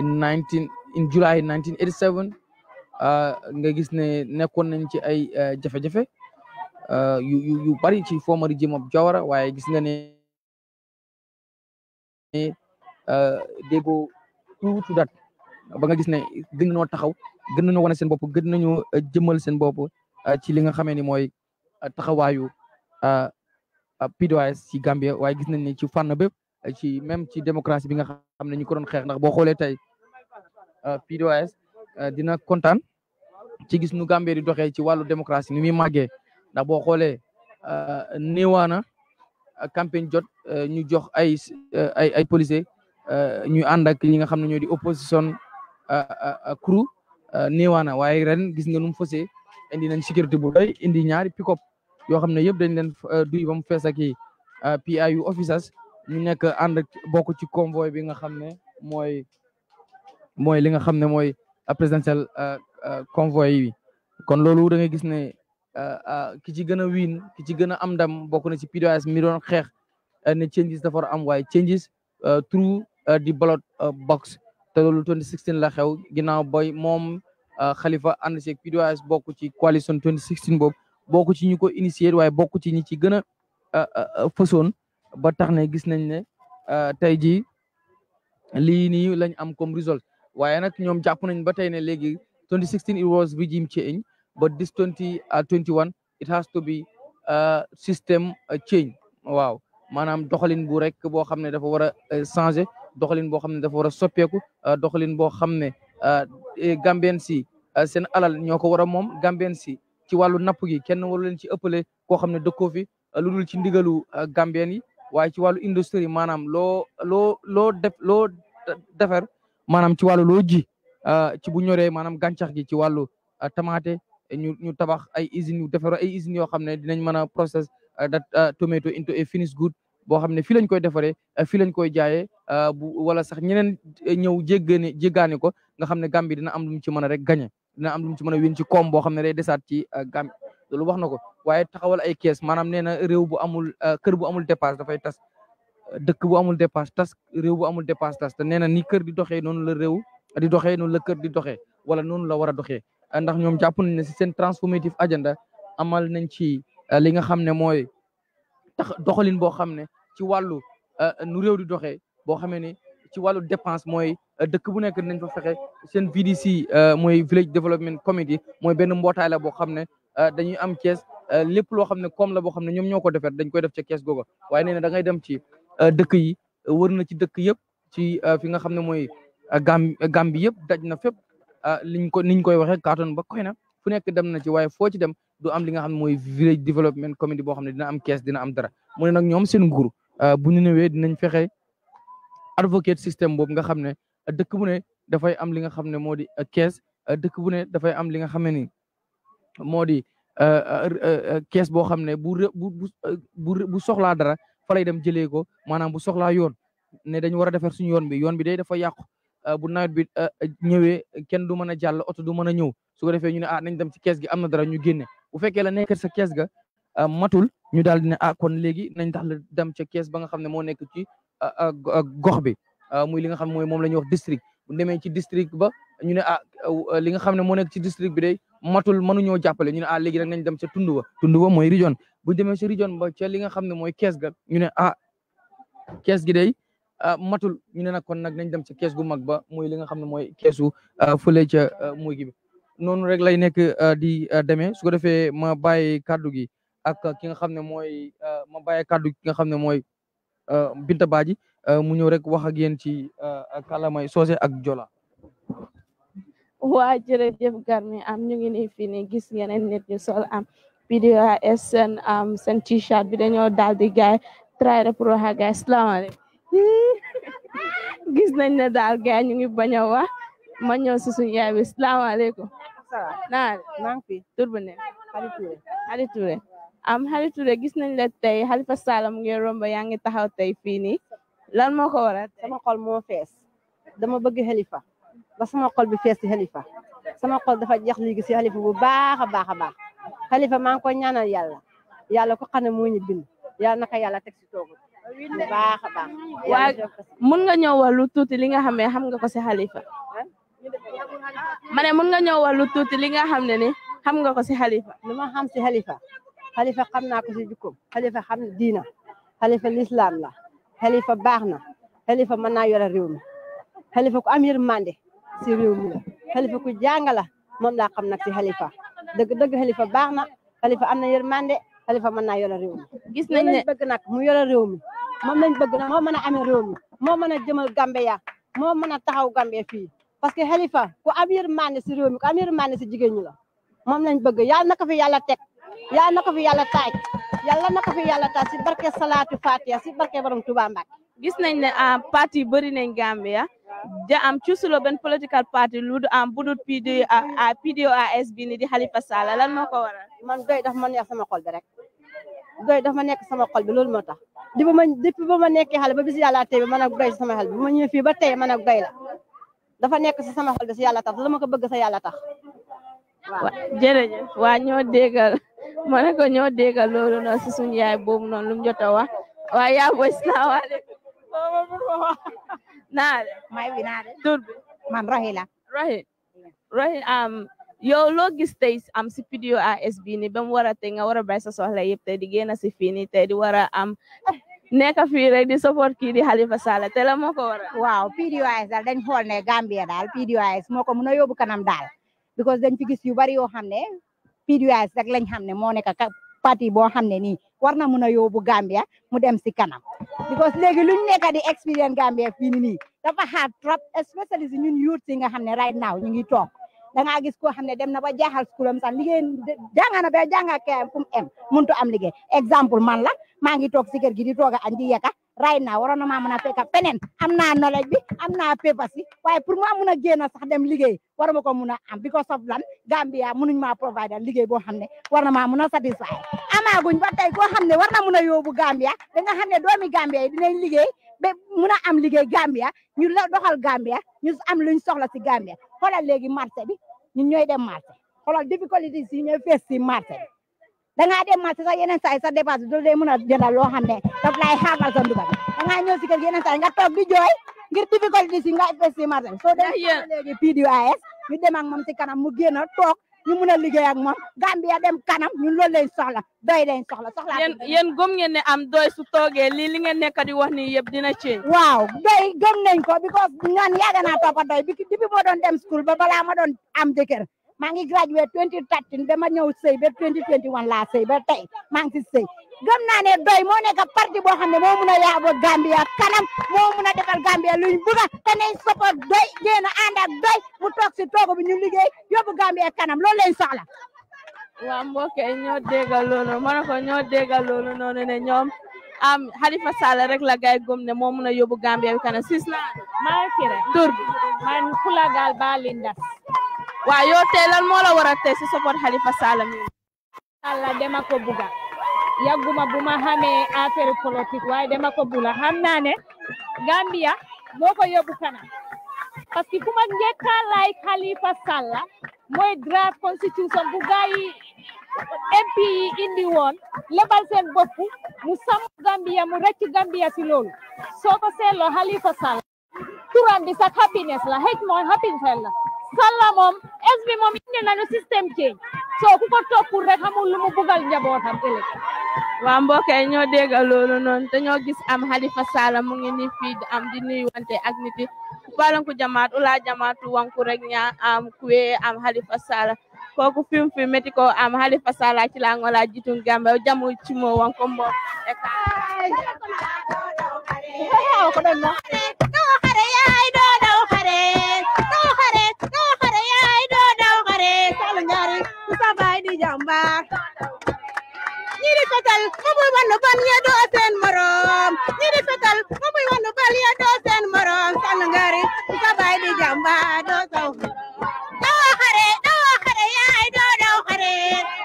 in 19 in July 1987 uh, nga gis ne nekkoon nañ ci ay uh, jafe-jafe uh, yu bari ci former regime of Jawara waaye gis nga ne déggoo tuuti dat ba nga gis ne gën noo taxaw gën nañoo wane seen bopp gën nañoo jëmal seen bopp ci li nga xamee ni mooy taxawaayu PDOIS ci Gambia waaye gis nañ ne ci fànn bépp ci même ci démocratie bi nga xam ne ñu ko doon xeex ndax bo xoolee tey euh, PDOIS euh, dina kontaan ci gis nu Gambia di doxee ci wàllu démocratie ni muy màggee ndax boo xoolee euh, néewaana campagne jot ñu jox ay ay ay policiers ñu ànd ak ñi nga xam ne ñoo di opposition crew néewaana waaye ren gis nga nu mu fosee indi nañ sécurité bu doy indi ñaari pick yoo xam ne yëpp dañ leen euh, duy ba mu fees ak i euh, PIU officers ñu nekk ànd bokk ci convoy bi nga xam ne mooy mooy li nga xam ne mooy euh, presidential convoy yi kon loolu da nga gis ne ki ci gën a wiin ki ci gën a am ndam bokk na ci PDOIS mi doon xeex ne changes dafa war am waaye changes through di ballot box te loolu 2016 la xew ginnaaw boy moom Khalifa ànd seeg PDOIS bokk ci coalition 2016 boobu. bokk ci ñu ko initier waaye bokk ci ñi ci gën a fësoon ba tax ne gis nañ ne tey jii lii nii lañ am comme result waaye nag ñoom jàpp nañ ba tey ne léegi 2016 it was regime change but this 2021 it has to be system change waaw maanaam doxalin bu rek boo xam ne dafa war a changer doxalin boo xam ne dafa war a soppeeku doxalin boo xam ne e, Gambien si seen alal ñoo ko war a moom Gambien si ci wàllu napp gi kenn waru leen ci ëppale koo xam ne dëkkoo fi eh, lu dul ci digalu eh, gambien yi waaye ci wàllu industrie maanaam loo loo loo def loo defer maanaam ci wàllu loo ji eh, ci bu ñoree maanaam gàncax gi ci wàllu tamaate ñu ñu tabax ay usines yu defar ay usines yoo xam ne dinañ mën a process that tomato into a finished good boo xam ne fii lañ koy defaree fii lañ koy jaayee bu wala sax ñeneen ñëw jéggaane jéggaane ko nga xam ne Gambie dina am lu mu ci mën a rek gagné dina am lu ci mën a win ci kom boo xam ne day desaat ci euh, gam loolu wax na ko waaye taxawal ay kees maanaam nee na réew bu amul euh, kër bu amul dépasse dafay tas euh, dëkk bu amul dépasse tas réew bu amul dépasse tas te nee na ni kër di doxee noonu la réew di doxee noonu la kër di doxee wala noonu la war a doxee ndax ñoom jàpp nañ ne si seen transformative agenda amal nañ ci li nga xam ne mooy tax doxalin boo xam ne ci wàllu nu réew di doxee boo xamee ne ci wàllu dépense mooy dëkk bu nekk dinañ fa fexe seen VDC euh, mooy village development committee mooy benn mbootaay la boo xam ne euh, dañuy am kees euh, lépp loo xam ne koom la boo xam ne ñoom ñoo ko defar dañ koy def ci kees googa waaye nee na da ngay dem ci dëkk yi wër na ci dëkk yëpp ci fi nga xam ne mooy gam Gàmbi yëpp daj na fépp liñ ko niñ koy waxee carton ba koy na fu nekk dem na ci waaye foo ci dem du am li nga xam ne mooy village development committee boo xam ne dina am kees dina am dara mu nag ñoom seen nguur bu ñu ñëwee dinañ fexe advocate système boobu nga xam ne dëkk bu ne dafay am li nga xam ne moo di euh, kees euh, dëkk bu ne dafay am li nga xam ne ni moo di euh, kees boo xam ne bu bu bu soxlaa dara fa dem jëlee ko maanaam bu soxlaa yoon ne dañ war a defar suñu yoon bi yoon bi day dafa yàqu bu nawet bi ñëwee kenn du mën a jàll oto du mën a ñëw su ko defee ñu ne ah nañ dem ci kees gi am na dara ñu génne bu fekkee la nekk sa kees ga matul ñu daal di ne ah kon léegi nañ tax la dem ca kees ba nga xam ne moo nekk ci gox bi Euh, muy li nga xam ne mooy moom la ñuy wax district bu demee ci district ba ñu ne ah euh, li nga xam ne moo nekk ci district bi day matul mënuñoo jàppale ñu ne ah léegi nag nañ dem ca tund ba tund mooy région bu demee ci région ba ca li nga xam ne mooy kees ga ñu ne ah kees gi day ah, matul ñu ne nag kon nag nañ dem ca kees gu mag ba muy li nga xam ne mooy keesu ah, fële ca ah, muy gi bi noonu rek lay nekk di demee su ko defee ma bàyyi kàddu gi ak ki nga xam ne mooy ma bàyyi kàddu gi nga xam ne mooy Binta Badji Euh, mu ñëw rek wax ak yéen ci euh, kalamay soose ak jola waa jërëjëf garmi am ñu ngi nii gis yeneen nit ñu sol am PDOIS seen am seen t-shirt bi dañoo daal di gaay try rek pour wax ak gaay salaamaaleykum gis nañ ne dal gaay ñu ngi bañ a wax ma bi salaamaaleykum naa nang fi tur bu ne Hadi Touré am Hadi Touré gis nañ la tey Halifa Sallah mu ngi romba yaa ngi taxaw tey fii nii lan moo ko waral sama xol moo fees dama bëgg xalifa ba sama xol bi fees si xalifa sama xol dafa jeex léegi si xalifa bu baax a baax a baax xalifa maa ko ñaana yàlla yàlla ko xam moo ñu bind yàlla naka yàlla teg si toogu bu baax a baax waa mun nga ñëwal lu tuuti li nga xam ne xam nga ko si xalifa ma ne mun nga ñëwal lu tuuti li nga xam ne ni xam nga ko si xalifa lu ma xam si xalifa xalifa xam naa ko si xam diina xalifa lislaam la xalifa baax na xalifa mën naa yore réew mi xalifa ku am yërmande si réew mi la xalifa ku jàngala moom laa xam nag si xalifa dëgg dëgg xalifa baax na xalifa am na yërmande xalifa mën naa yore réew mi gis nañ ne bëgg nag mu yore réew mi moom lañ bëgg nag mën a amee réew mi moo mën a jëmal Gambia moo mën a taxaw Gambia fii parce que xalifa ku am yërmande si réew mi ku am yërmande si jigéen ñi la moom lañ bëgg yàlla na ko fi yàlla teg yàlla na ko fi yàlla taaj yàlla na ko fi yàlla taal si barke salaatu Faatiha si barke borom Touba Mbacke. gis nañ ne ah, parti bëri nañ Gambia ja am cuusuloo benn political party lu am budut PD ah, PDOIS bi ni di Halifa Sallah lan moo ko waral. man doy dafa ma neex sama xol bi rek doy dafa ma nekk sama xol bi loolu moo tax di ba ma depuis ba ma nekkee xale ba bis yàlla tey man ak doy sama xel bi ma ñëw fii ba tey man ak doy la dafa nekk si sama xol bi si yàlla tax dama ko bëgg sa yàlla tax waaw jërëjëf waa ma ne ko ñoo dégg loolu noonu si suñu yaay boobu noonu lu mu jot a wax waaye yaa booy salaamaaleykum naa may bi tur man Rohi la Rohi am yow loo gis tey am si PDOIS bi ni ba mu war a tey nga war a bay sa soxla yëpp tey di génn si fii nii tey di war a am nekk fii di support kii di Halifa Sallah te la moo ko war a waaw PDOIS daal dañ xool Gambia daal PDOIS moo ko mën a yobu kanam daal because dañ fi gis yu bari yoo xam ne PDOIS rek lañ xam ne moo nekk parti boo xam ne nii war na mun a yóbbu Gambia mu dem si kanam because léegi luñ nekk di experience Gambia fii nii nii dafa hard trop especially si ñun youth si nga xam ne right now ñu ngi toog da ngaa gis koo xam ne dem na ba jaaxal skulam sax liggéey jànga na ba jànga kayam fu mu em mënut am liggéey exemple man la maa ngi toog si kër gi di toog a añ di right now waroon na maa mën a fekk feneen am naa knowledge bi am naa papers waaye pour ma mun a génn sax dem liggéey war ma ko mun a am because of lan Gambia munuñ maa provider liggéey boo xam ne war na maa mun a satisfy amaaguñ ba tey koo xam ne war na mun a yóbbu Gambia da nga xam ne doomi Gambia yi dinañ liggéey ba mun a am liggéey Gambia ñu doxal Gambia ñu am luñ soxla si Gambia xoolal léegi marché bi ñu ñooy dem marché xoolal difficulties yi ñooy fees si marché Dengar dia masih sa yenen saya sedih pas do dia mëna jalan lohan deh tapi lay xamal sa ndugal danga ñëw ci kër yenen say nga tok di joy ngir difficulté ci nga investi so dia lagi video as dem memang mesti karena kanam mu ñu mëna liggéey ak mom Gambia dem kanam um, ñun loolu lay soxla doy lay soxla soxla yeen yeen gëm ngeen ne am doy su toogee lii li ngeen nekk di wax ni yëpp dina change waaw doy gëm nañ ko because ñaan yaaga naa toppa doy bi bi moo doon dem school ba balaa ma doon am jëkkër maa ngi graduate 2013 ba ma ñëw sëy ba 2021 laa sëy ba tey maa ngi si sëy gëm naa ne doy moo nekk parti boo xam ne moo mun a yaaboo Gambia kanam moo mun a defal Gambia luñ bëgg te nañ support doy génn ànd doy mu toog si toogu bi ñu liggéey yóbbu Gambia kanam loolu lañ soxla. waaw mbokk yi ñoo déggal loolu ko ñoo déggal loolu noonu ne ñoom am Halifa Sallah rek la gay ne moo mun a yóbbu Gambia bi kanam sis na maa tur bi man Fulagal Ba Lindas wayo telan tey lan moo la wara te support khalifa Sallah allah dama ko buga yaguma buma hame affaire politique way dama ko bula xam ne Gambia moko yobu kana parce que kuma ngeka lay khalifa laaj moy draft constitution bu gay MP yi indi woon lebal sen bopp mu sam Gambia mu rek Gambia ci loolu soko selo khalifa Salam. Sallah turam sa happiness la hej moy happiness la Salla moom es bi moom indi nañu système change soo ku ko toppul rek xamul lu mu bugal njabootam ëllëg ñoo dégg loolu noonu dañoo gis am Halifa Sallah mu ngi ni fii am di nuyuwante ak nit yi balanku jamaat ula jamaatu wanku rek ñaa am kuwe am Halifa Sallah kooku fim fi métti am Halifa Sallah ci la ngola jitu Gambia jamu ci mo wanko mbo e ñi di fetal mu muy wannu bal ya doo seen morom ñi di fetal mu muy wannu bal ya doo seen morom sal ngari sa baay di jamba doo saw doo xare doo xare yaay doo daw xare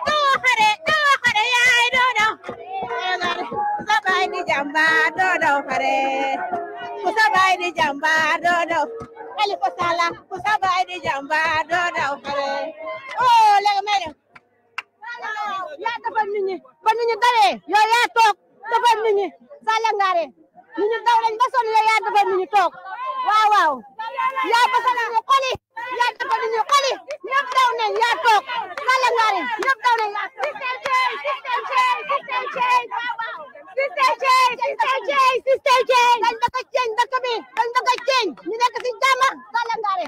doo xare doo xare yaay doo daw sa baay di jamba doo daw xare ku sa baay di jamba doo daw Khalifa Sala ku sa baay di jamba doo daw xare oo oh, léegi yaa defal nit ñi ba nit ñi dalee yow yaa toog defal nit ñi Salla Ngare nit ñi daw lañ ba sonn yow yaa defal nit ñi toog waaw waaw yaa defal nit ñi xoli yaa defal nit ñi xoli ñëpp daw nañ yaa toog Salla Ngare ñëpp daw nañ yaa toog système change système change système change dañ bëgg a change dëkk bi dañ bëgg a change ñu nekk si jàmm Salla Ngare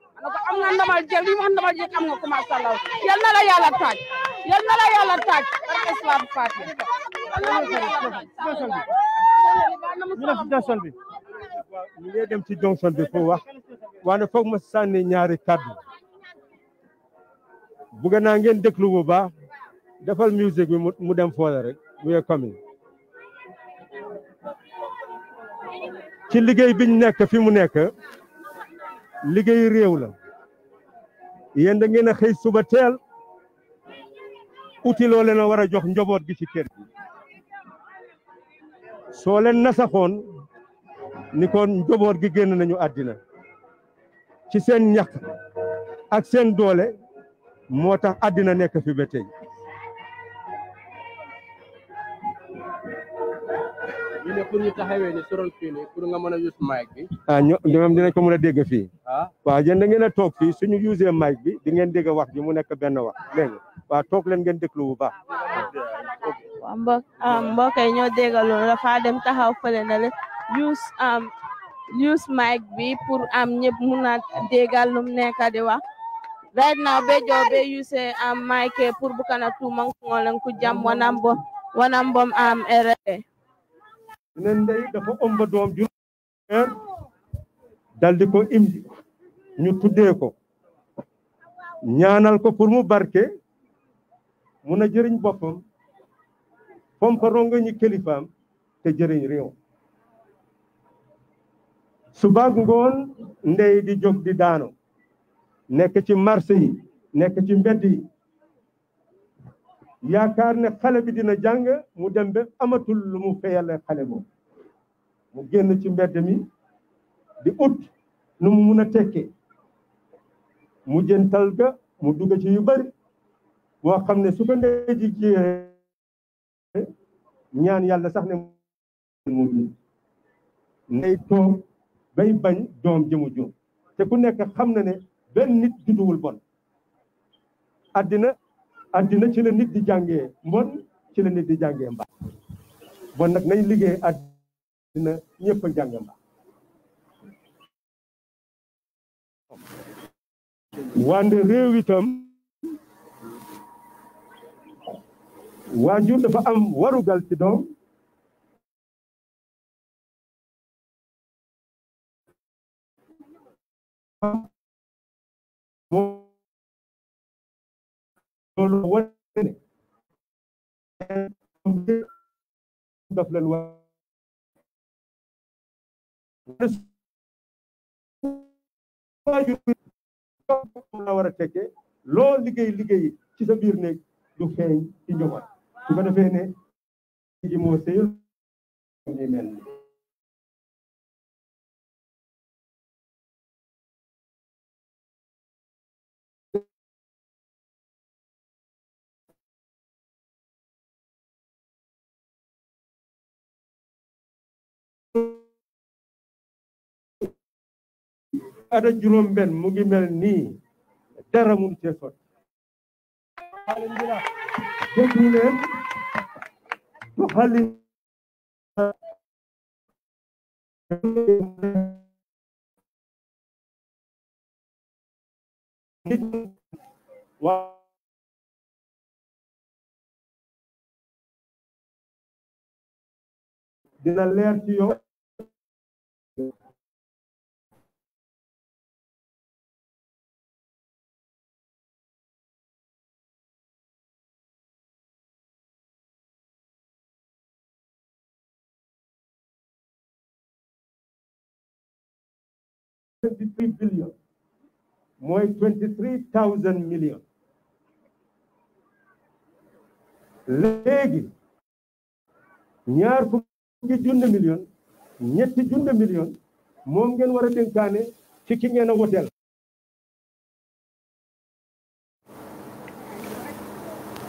na ko am na ndamal jël li mu am ndamal jël am nga commencé law yal na la yàlla taaj yal na la yàlla taaj barke Islam Faati Johnson bi ñu ngi dem ci Johnson bi pour wax waane foog ma sànni ñaari kàddu bëgg naa ngeen déglu bu baax defal musique bi mu dem foola rek wee commune ci liggéey biñ nekk fi mu nekk liggéey réew la yéen da a xëy suba teel uti loo leen war a jox njaboot gi ci kër gi soo leen nasaxoon ni kon njoboot gi génn nañu àddina ci seen ñaq ak seen doole moo tax àddina nekk fi ba ñu ne ñu taxawee ni sorol fii nga mën a use mic bi. ah ñoom ñoom dinañ ko mën a dégg fii. ah waaw yéen da ngeen a toog fii suñu usee mic bi di ngeen dégg wax ji mu nekk benn wax léegi waaw toog leen ngeen déglu bu baax. waaw mbokk ah, mbokk yi ñoo dégg loolu dafa dem taxaw fële na le use um, use bi pour am um, ñëpp mun a déggal lu mu nekk di wax. right be jobe use um, mic pour bukana tu mangol ku jam wanambo wanambom am um, ere ne ndey dafa ëmb doom ju weer dal ko indi ñu tuddee ko ñaanal ko pour mu barke mun a jëriñ boppam fompa rongo ñi kilifaam te jëriñ réew subaak ngoon ndey di jóg di daano nekk ci marché yi nekk ci mbedd yi yaakaar ne xale bi dina jàng mu dem ba amatul lu mu fayale xale boobu mu génn ci mbedd mi di ut nu mu mun a tekkee mu jën tal ga mu dugg ci yu bari moo xam ne su ji jéexee ñaan yàlla sax ne mu jur ndey toog bay bañ doom jëmu jur te ku nekk xam na ne benn nit judduwul bon àddina àddina ci la nit di jàngee mbon ci di jàngee mbaax bon nag nañ liggéey àddina ñëpp a jàngee mbaax wande réew itam dafa am warugal ci loolu war la war a tekkee loo liggéey liggéey ci sa biir néeg du feeñ ci njaboot su ko defee ne ji moo sëyul ñu ada juróom benn mu ngi mel nii dara mun cee sot déglu leen doxalin waa dina leer 23 billion mooy 23 000 millions léegi ñaar fukki junne million ñetti junne million moom ngeen war a dénkaane ci ki ngeen a woteel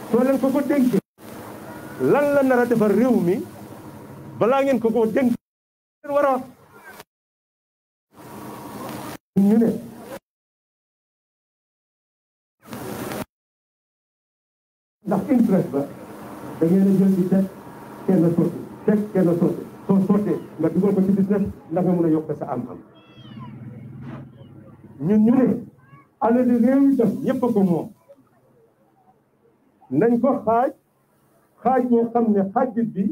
soo leen ko ko dénki lan la nar a defar réew mi ngeen ko ko dénk ngeen ñu ndax interest ba da ngeen a jël di teg kenn sotti teg kenn sotti soo sottee nga dugal ko ci business ndax nga a yokk sa am-am ñun ñu ne alal di réew yi def ñëpp a ko moom nañ ko xaaj xaaj boo xam ne xaajit bi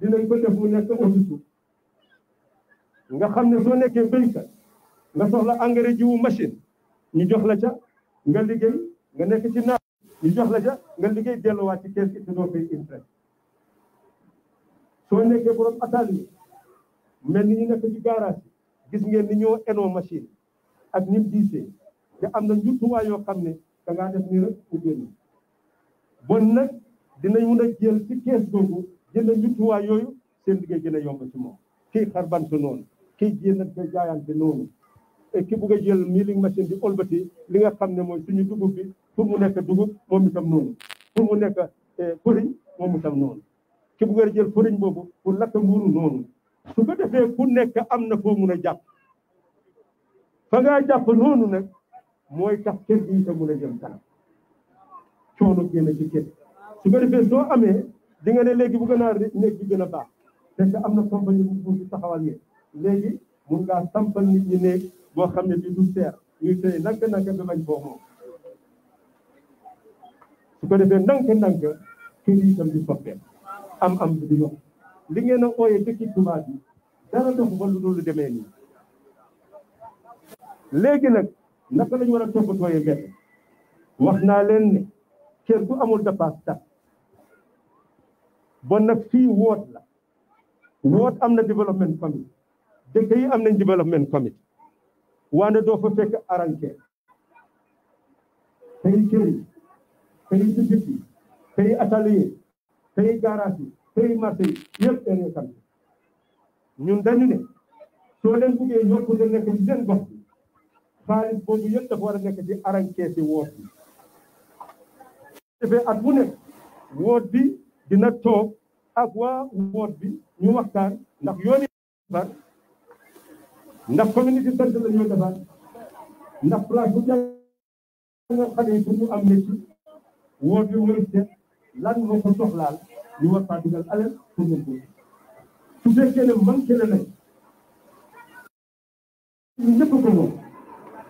dinañ ko def mu nekk auditeur nga xam ne soo nekkee ka nga soxla engrais jiwu machine ñu jox la ca nga liggéey nga nekk ci jox la ca nga liggéey ci kees gi te soo nekkee borom attaques yi mel ni ñu nekk ci garage gis ngeen ni ñoo enoo machine ak ni mu diisee te am na njumtuwaay yoo xam ne da ngaa def nii rek mu bon nag dinañ mun a jël ci kees googu jënd njumtuwaay yooyu seen liggéey gën a yomb ci moom kii xarbante noonu kii jéem a jaayante noonu. ki bugg a jël milling machine bi olbati li nga xam ne mooy suñu dugub bi pour mu nekk dugub moom itam noonu pour mu nekk eh, furiñ moom itam noonu ki bugg jël furiñ boobu pour lakk mburu noonu su ko defee ku nekk am na foo mun a jàpp fa ngaa jàpp noonu nag mooy tax kër gi itam mun a jëm kanam coono génn ci kër su ko defee soo amee di nga ne léegi bugg naa néeg bi gën a baax fekk am na compagnie bu taxawal ne léegi mun ngaa sampal ni ñi néeg boo xam ne bi du seer ñuy tey ba bañ koo moom su ko defee nank nank kër yi itam di soppee am am bi di yokk li ngeen a ooyee dëkki tubaab yi dara dox ba lu dul demee nii léegi nag naka lañ war a toppatooyee gerte wax naa leen ne kër gu amul dépasse tax bon nag fii woot la woot am na développement comité dëkk am nañ développement comité wanda doo fa fekk aranke tey këri tey bitik yi tey atelier tey garage yi yëpp tey ñun dañu ne soo leen buggee yokk ne nekk ci seen gox bi boobu yëpp dafa war a nekk ci aranke si woot bi defee at bu bi dina toog ak waa woot bi ñu waxtaan ndax yooni far ndax communauté sant la ñoo defar ndax place bu jàng ñoo xale yi pour ñu am métier woote wërëb lan moo ko soxlaal ñu war faa dugal alal pour ñu ko su ne manqué la nag ñu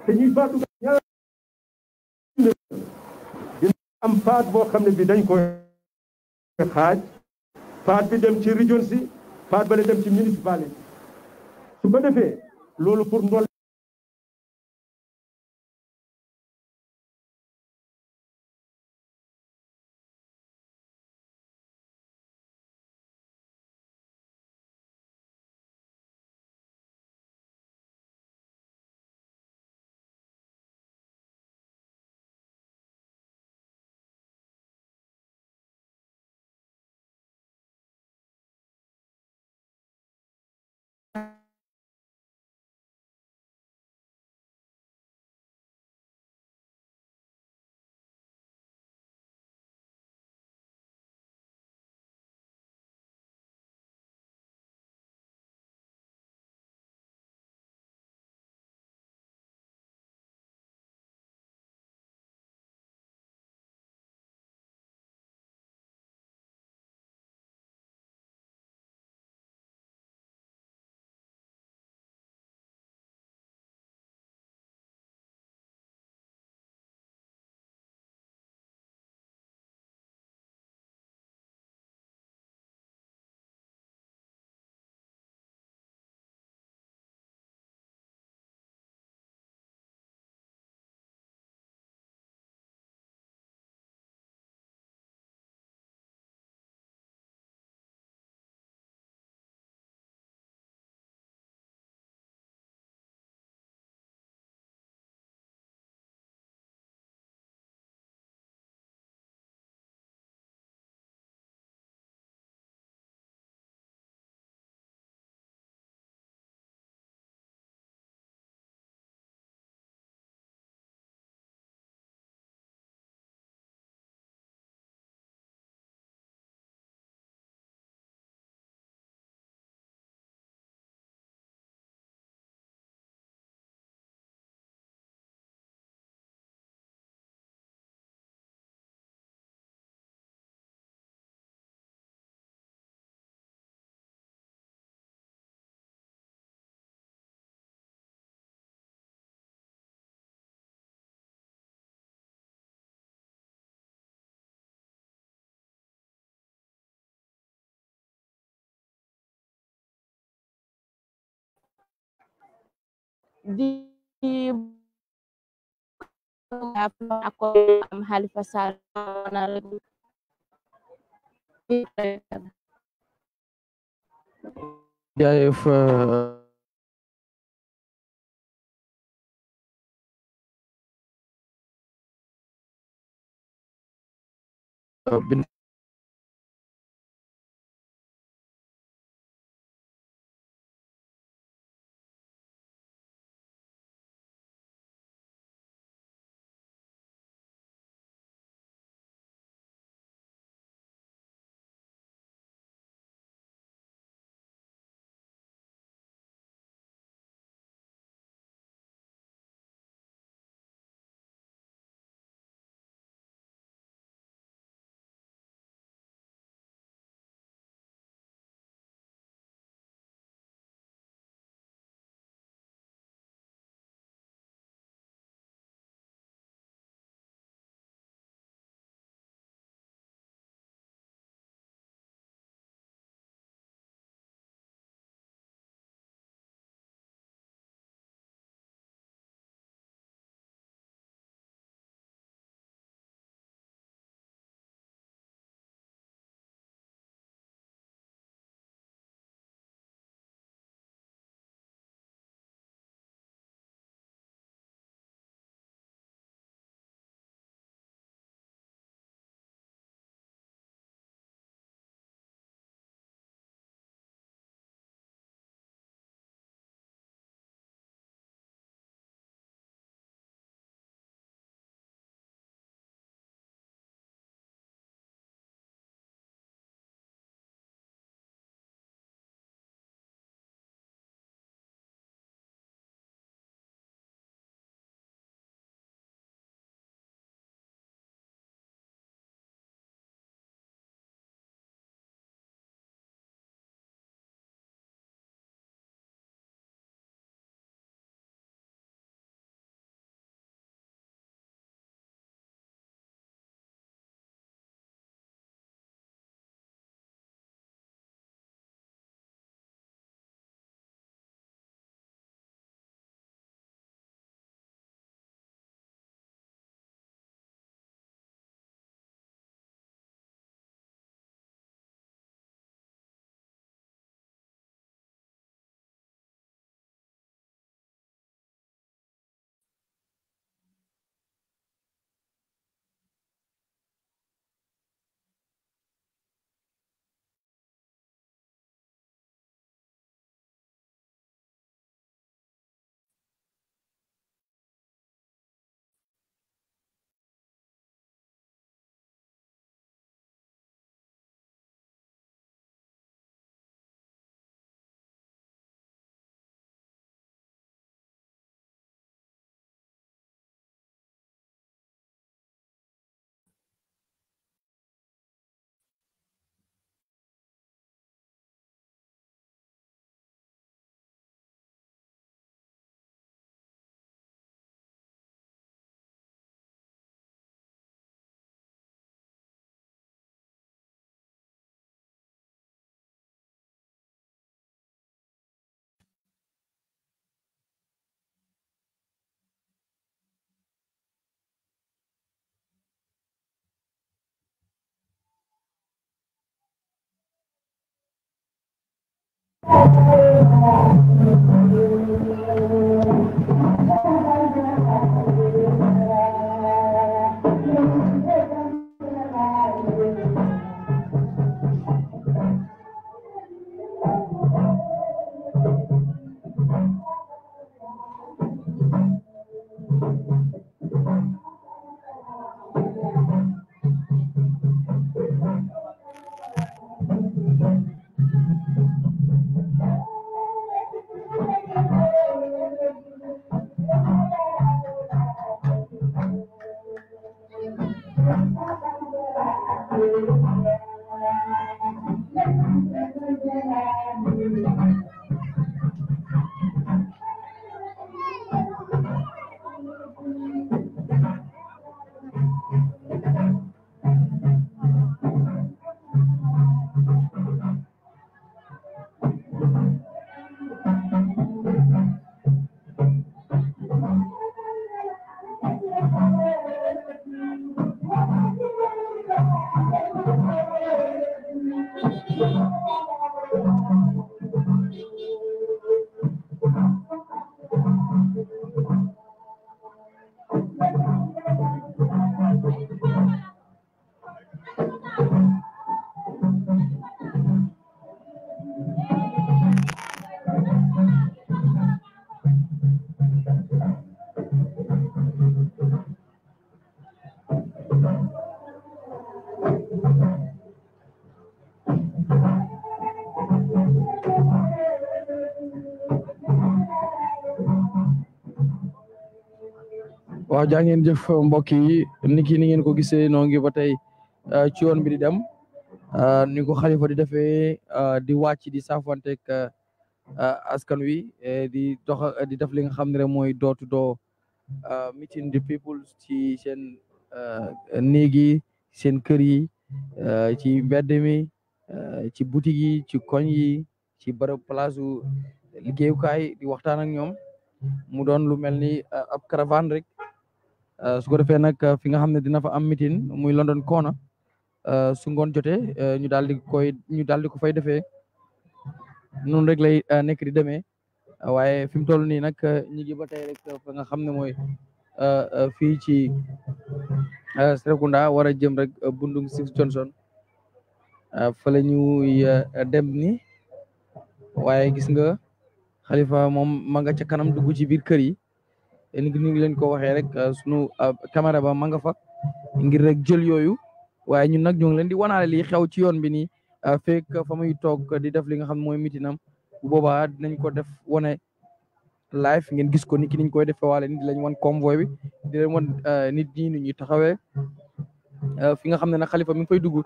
te ñuy faa dugal am paat boo xam ne bi dañ ko xaaj paat bi dem ci région si paat ba dem ci municipalité su ko defee loolu pour ndol the yeah, if uh, been Thank you. waaw jaa ngeen jëf mbokk yi niki ni ngeen ko gisee noo ngi ba tey uh, ci yoon bi di dem uh, ni ko Halifa di defee uh, di wàcc di saafanteeg askan wi eh, di dox di def li nga xam ne rek mooy door to door meeting ci seen néeg yi seen kër yi ci mbedd mi ci boutique yi ci koñ yi ci bërëb place liggéeyukaay di waxtaan ak ñoom mu doon lu mel ni ab caravane rek. Eh, su ko defee nag eh, fi nga xam ne dina fa am meeting muy London Corner eh, su ngoon jotee ñu daal di koy ñu daal di ko fay defee noonu rek lay nekk di demee waaye fi mu toll nii nag ñu ngi ba tey rek fa nga xam ne mooy fii ci Serekunda war a jëm rek Bundung Six Johnson fële ñuy dem ni waaye gis nga Halifa moom ma nga ca kanam dugg ci biir kër yi. léegi ni ngi leen ko waxee rek euh, sunu euh, caméra ba ma fa ngir rek jël yooyu waaye ñun nag ñoo ngi leen di wanaale li xew ci yoon bi nii euh, fekk fa muy toog di def li nga xam mooy mitinam boobaa dinañ ko def wane live ngeen gis ko ni ki niñ ko defee waale ni lañ wan convoy bi di leen wan nit ñi nu ñuy taxawee fi nga xam ne nag xalifa mi ngi fay dugg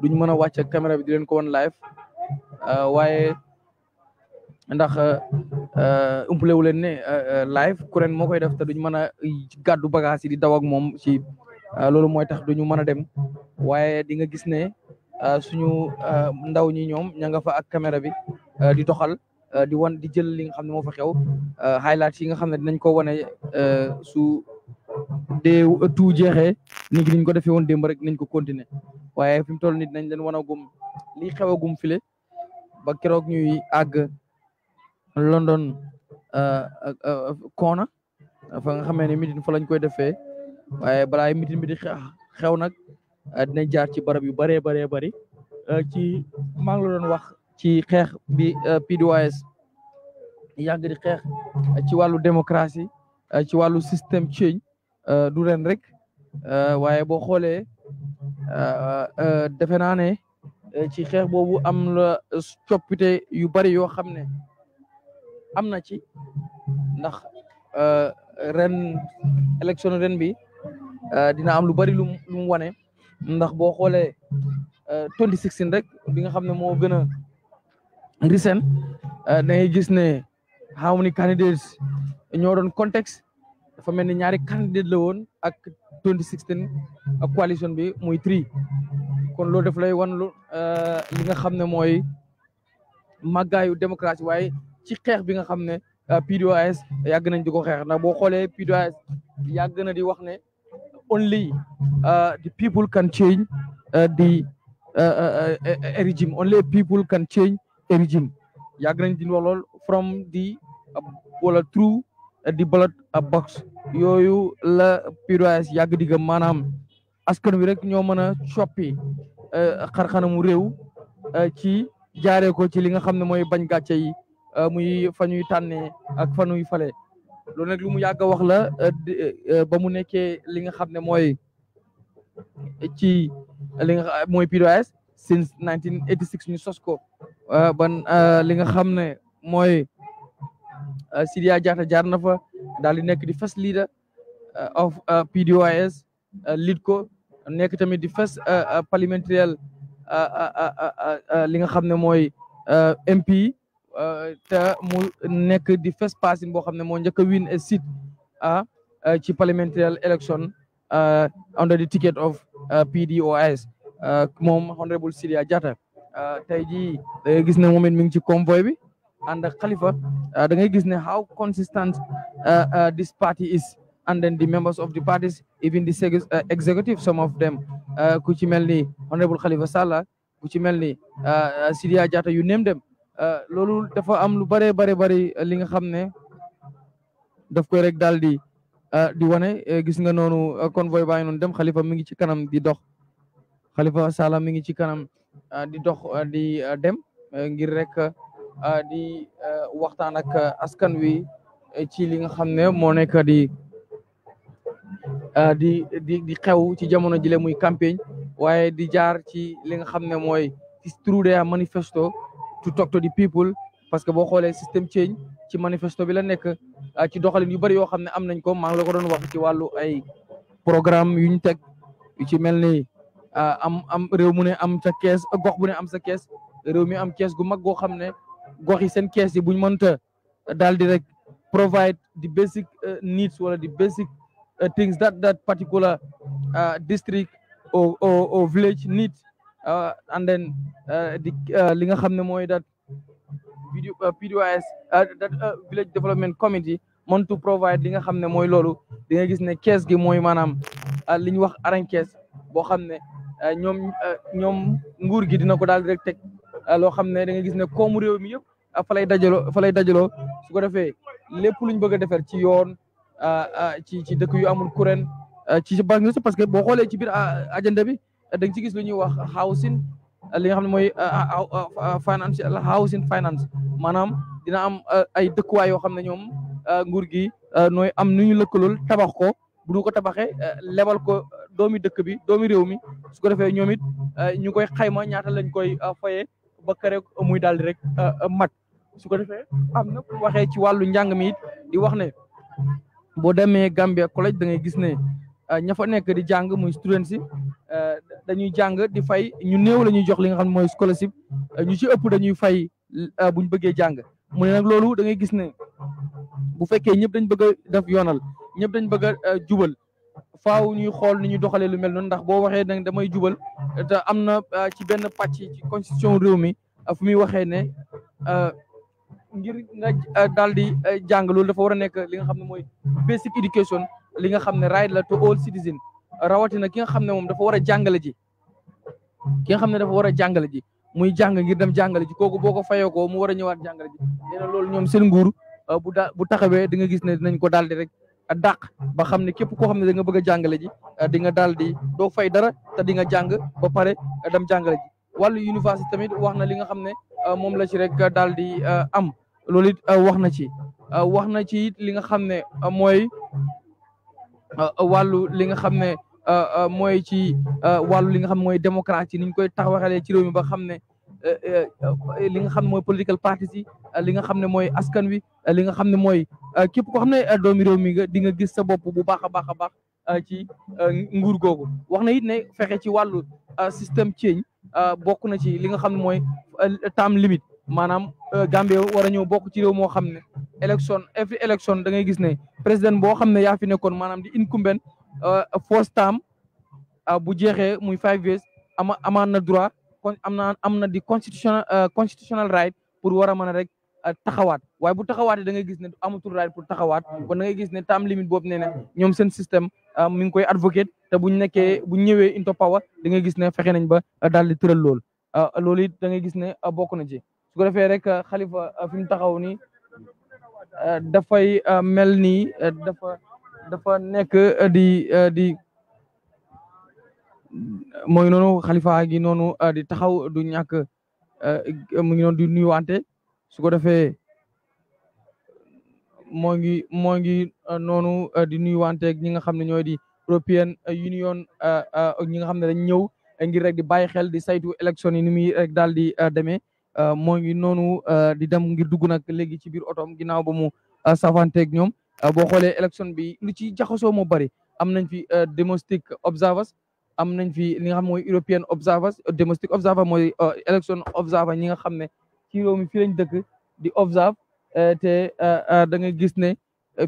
duñ mën a wàcc caméra bi di leen ko wan live waaye ndax euh, euh, umpale wu leen ne euh, live kuréel moo koy def te duñ mën a gàddu bagage yi di daw ak moom ci loolu mooy tax duñu mën a dem waaye di nga gis ne suñu ndaw ñi ñoom ña nga fa ak caméra bi di doxal di wan di jël li nga xam ne moo fa xew highlights yi nga xam ne dinañ ko wane su de tout jeexee ni ngi ko defee woon démb rek nañ ko continuer waaye fi mu toll nii dinañ leen wanagum li xew agum file ba keroog ñuy àgg. London koona euh, euh, euh, fa nga xamee ne mitin fa lañ koy defee waaye balaa mitin bi di xew nag dinañ jaar ci barab yu baree baree bari ci maa ngi la doon wax ci xeex bi PDOIS yàgg di xeex ci wàllu démocratie ci wàllu système change du ren rek waaye boo xoolee defe naa ne ci xeex boobu am la coppite yu bari yoo xam ne am na ci ndax euh, ren élection ren bi euh, dina am lu bari lu lu wane ndax boo xoolee 2016 euh, rek bi nga xam ne moo gën a recent da ngay gis ne how many candidates ñoo doon contexte dafa mel ni ñaari candidate la woon ak 2016 ak coalition bi muy three kon loolu daf lay wan lu li nga xam ne mooy màggaayu démocratie waaye ci xeex bi nga xam ne euh, PDOIS yàgg nañ di ko xeex ndax boo xoolee PDOIS yàgg na di wax ne only euh, the people can change euh, the a regime only people can change a regime yàgg nañ di wax lool from the wala di the ballot box yooyu la PDOIS yàgg di gëm maanaam askan wi rek ñoo mën a coppi xarxanamu réew ci jaaree ko ci li nga xam ne mooy bañ gàcce Euh, muy fa ñuy tànnee ak fa ñuy fale loolu nag lu mu yàgg a wax la euh, euh, ba mu nekkee li nga xam ne mooy ci li nga xam mooy PDOIS since 1986 ñu sos ko ban li nga xam ne mooy Sidia Jatta jaar na fa daal di nekk di first leader of PDOIS lead ko nekk tamit di first parlementaire li nga xam ne mooy MP Euh, te mu nekk di first person boo xam ne moo njëkk a win a seat ah euh, ci parliamentary election euh, under the ticket of PDOIS moom honorable Sidia Jatta tey jii da ngay gis ne ngi ci convoy bi ànd ak Khalifa da ngay gis ne how consistent this party is and then the members of the parties even the executive some of them ku ci mel ni honorable Khalifa Sallah ku ci mel ni Sidia Jatta you name them Euh, loolu dafa am lu bëree bare bëri euh, li nga xam ne daf koy rek daal di euh, di wane gis nga noonu convoy baa ngi noonu dem xalifa mi ngi ci kanam di dox Khalifa Sala mi ngi ci kanam di dox di dem ngir rek di waxtaan ak askan wi ci li nga xam ne moo nekk di di di xew ci jamono jile muy campagne waaye di jaar ci li nga xam ne mooy ci Trudeau manifesto to talk to the people parce que boo xoolee system change ci manifesto bi la nekk ah, ci doxalin yu bëri yoo xam ne am nañ ko maa ngi la ko doon wax ci wàllu ay programme yu ñu teg yu ci mel ni ah, am am réew mu ne am sa kees gox bu ne am sa kees réew mi am kees gu mag goo xam ne gox yi seen kees yi buñ mënta daal di rek provide the basic eh, needs wala the basic eh, things that that particular ah, district or or village needs Uh, and then the uh, uh, li nga xam ne mooy that PDOIS that village development committee mën to provide li nga xam ne mooy loolu di nga gis ne kees gi mooy maanaam li ñu wax arañ kees boo xam ne ñoom ñoom nguur gi dina ko daal di rek teg loo xam ne da nga gis ne koomu réew mi yëpp fa lay dajaloo fa lay dajaloo su ko defee lépp luñ bëgg a defar ci yoon ci ci dëkk yu amul kuréen ci ci parce que boo xoolee ci biir agenda bi da ci gis lu ñuy wax housing li nga xam ne mooy euh, euh, euh, finance housing finance maanaam dina am ay dëkkuwaay yoo xam ne ñoom nguur gi nooy am nu ñu lëkkalool tabax ko bu ko tabaxee lebal ko doomi dëkk bi doomi réew mi su ko defee ñoom it ñu koy xayma ñaata lañ koy faye ba kare muy daal di rek mat su ko defee am na waxee ci wàllu njàng mi it wax ne boo demee Gambia collège da ngay gis ne. Euh, ña fa nekk di jàng muy student si euh, dañuy jàng di fay ñu néew la ñuy jox li nga xam ne mooy scholarship euh, ñu ci ëpp dañuy fay buñ bëggee jàng mu ne loolu da ngay gis ne bu fekkee ñëpp dañ bëgg def yoonal ñëpp dañ bëgg a jubal faaw ñuy xool ni ñu doxalee lu mel noonu ndax boo waxee nag damay jubal te am na ci benn pàcc ci constitution réew mi fu muy waxee ne ngir nga daal di jàng loolu dafa war a nekk li nga xam ne mooy basic education li nga xam ne right la to all citizen rawatina ki nga xam ne moom dafa war a jàngale ji ki nga xam ne dafa war a jàngale ji muy jàng ngir dem jàngale ji kooku boo ko fayoo ko mu war a ñëwaat jàngale ji na loolu ñoom seen nguur euh, bu da bu taxawee di nga gis ne dinañ ko daal di rek euh, dàq ba xam ne képp koo xam ne da bëgg a jàngale ji euh, di nga daal di doo fay dara te di nga jàng ba pare dem jàngale ji wàllu université tamit wax na li nga xam ne moom la ci rek daal di am loolu it wax na ci wax na ci it li nga xam ne mooy wàllu li nga xam ne mooy ci wàllu li nga xam mooy démocratie ni ñu koy taxawaxalee ci réew mi ba xam ne euh, euh, li nga xam ne mooy political parties yi euh, li nga xam ne mooy askan wi li nga xam ne mooy képp koo xam ne doomi réew mi nga di nga gis sa bopp bu baax a baax a baax ci nguur googu wax na it ne fexe ci wàllu système change bokk na ci li nga xam ne mooy time limit maanaam euh, Gambie war a ñëw bokk ci réew moo xam ne élection every élection da ngay gis ne président boo xam ne yaa fi nekkoon maanaam di incumbent euh, first term euh, bu jeexee muy five years ama amaan na droit kon am na am na di constitutional constitutional right pour war a mën a rek taxawaat waaye bu taxawaatee da ngay gis ne amatul right pour taxawaat kon da ngay gis ne term limit boobu nee na ñoom seen système mi ngi koy advocate te buñ nekkee buñ ñëwee into power da ngay gis ne fexe nañ ba daal di tëral loolu loolu it da ngay gis ne bokk na ci su ko defee rek xalifa ah, fi mu taxaw ni ah, dafay ah, mel nii dafa dafa nekk di di mooy nonu xalifa gi noonu di taxaw du ñàkk mu ngi noonu di nuyuwante su ko defee moo ngi moo ngi noonu di nuyuwante ak ñi nga xam ne ñooy di European Union ñi nga xam ne dañ ñëw ngir rek di bàyyi xel di saytu élection yi ni muy rek daal di demee Euh, moo ngi noonu euh, di dam ngir dugg nag léegi ci biir otoom ginnaaw ba mu euh, savanteeg ñoom boo xoolee élection bi lu ci jaxasoo moo bëri am nañ fi domestic observers am nañ fi li nga xam mooy European observers domestic observer mooy élection observer ñi nga xam ne ci réew mi fii lañ dëkk di observe te da nga gis ne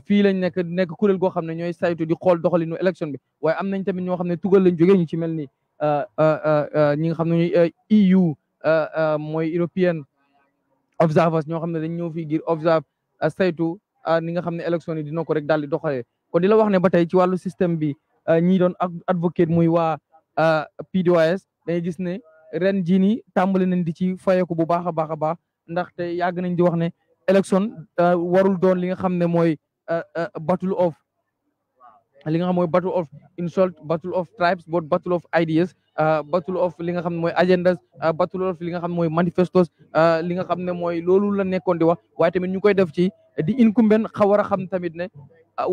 fii lañ nekk nekk kuréel goo xam ne ñooy saytu di xool doxalinu élection bi waaye am nañ tamit ñoo xam ne tugal lañ jógee ñu ci mel ni ñi nga xam ne ñooy EU e Euh, euh, mooy European observers ñoo xam ne dañ ñëw fii ngir observe euh, saytu ni nga xam ne élection yi dina ko rek daal di doxalee kon di la wax ne ba tey ci wàllu système bi ñi doon advocate muy waa PDOIS dañuy gis ne ren jii nii tàmbali nañ di ci fayeku bu baax a baax a baax ndaxte yàgg nañ di wax ne élection warul doon li nga xam ne mooy battle of xam mooy battle insult battle of tribes but battle of ideas Euh, battle of li nga xam ne mooy agendas euh, battle of li nga xam ne mooy manifestos euh, li nga xam ne mooy loolu la nekkoon di wax waaye tamit ñu koy def ci di incumbent xa war a xam tamit ne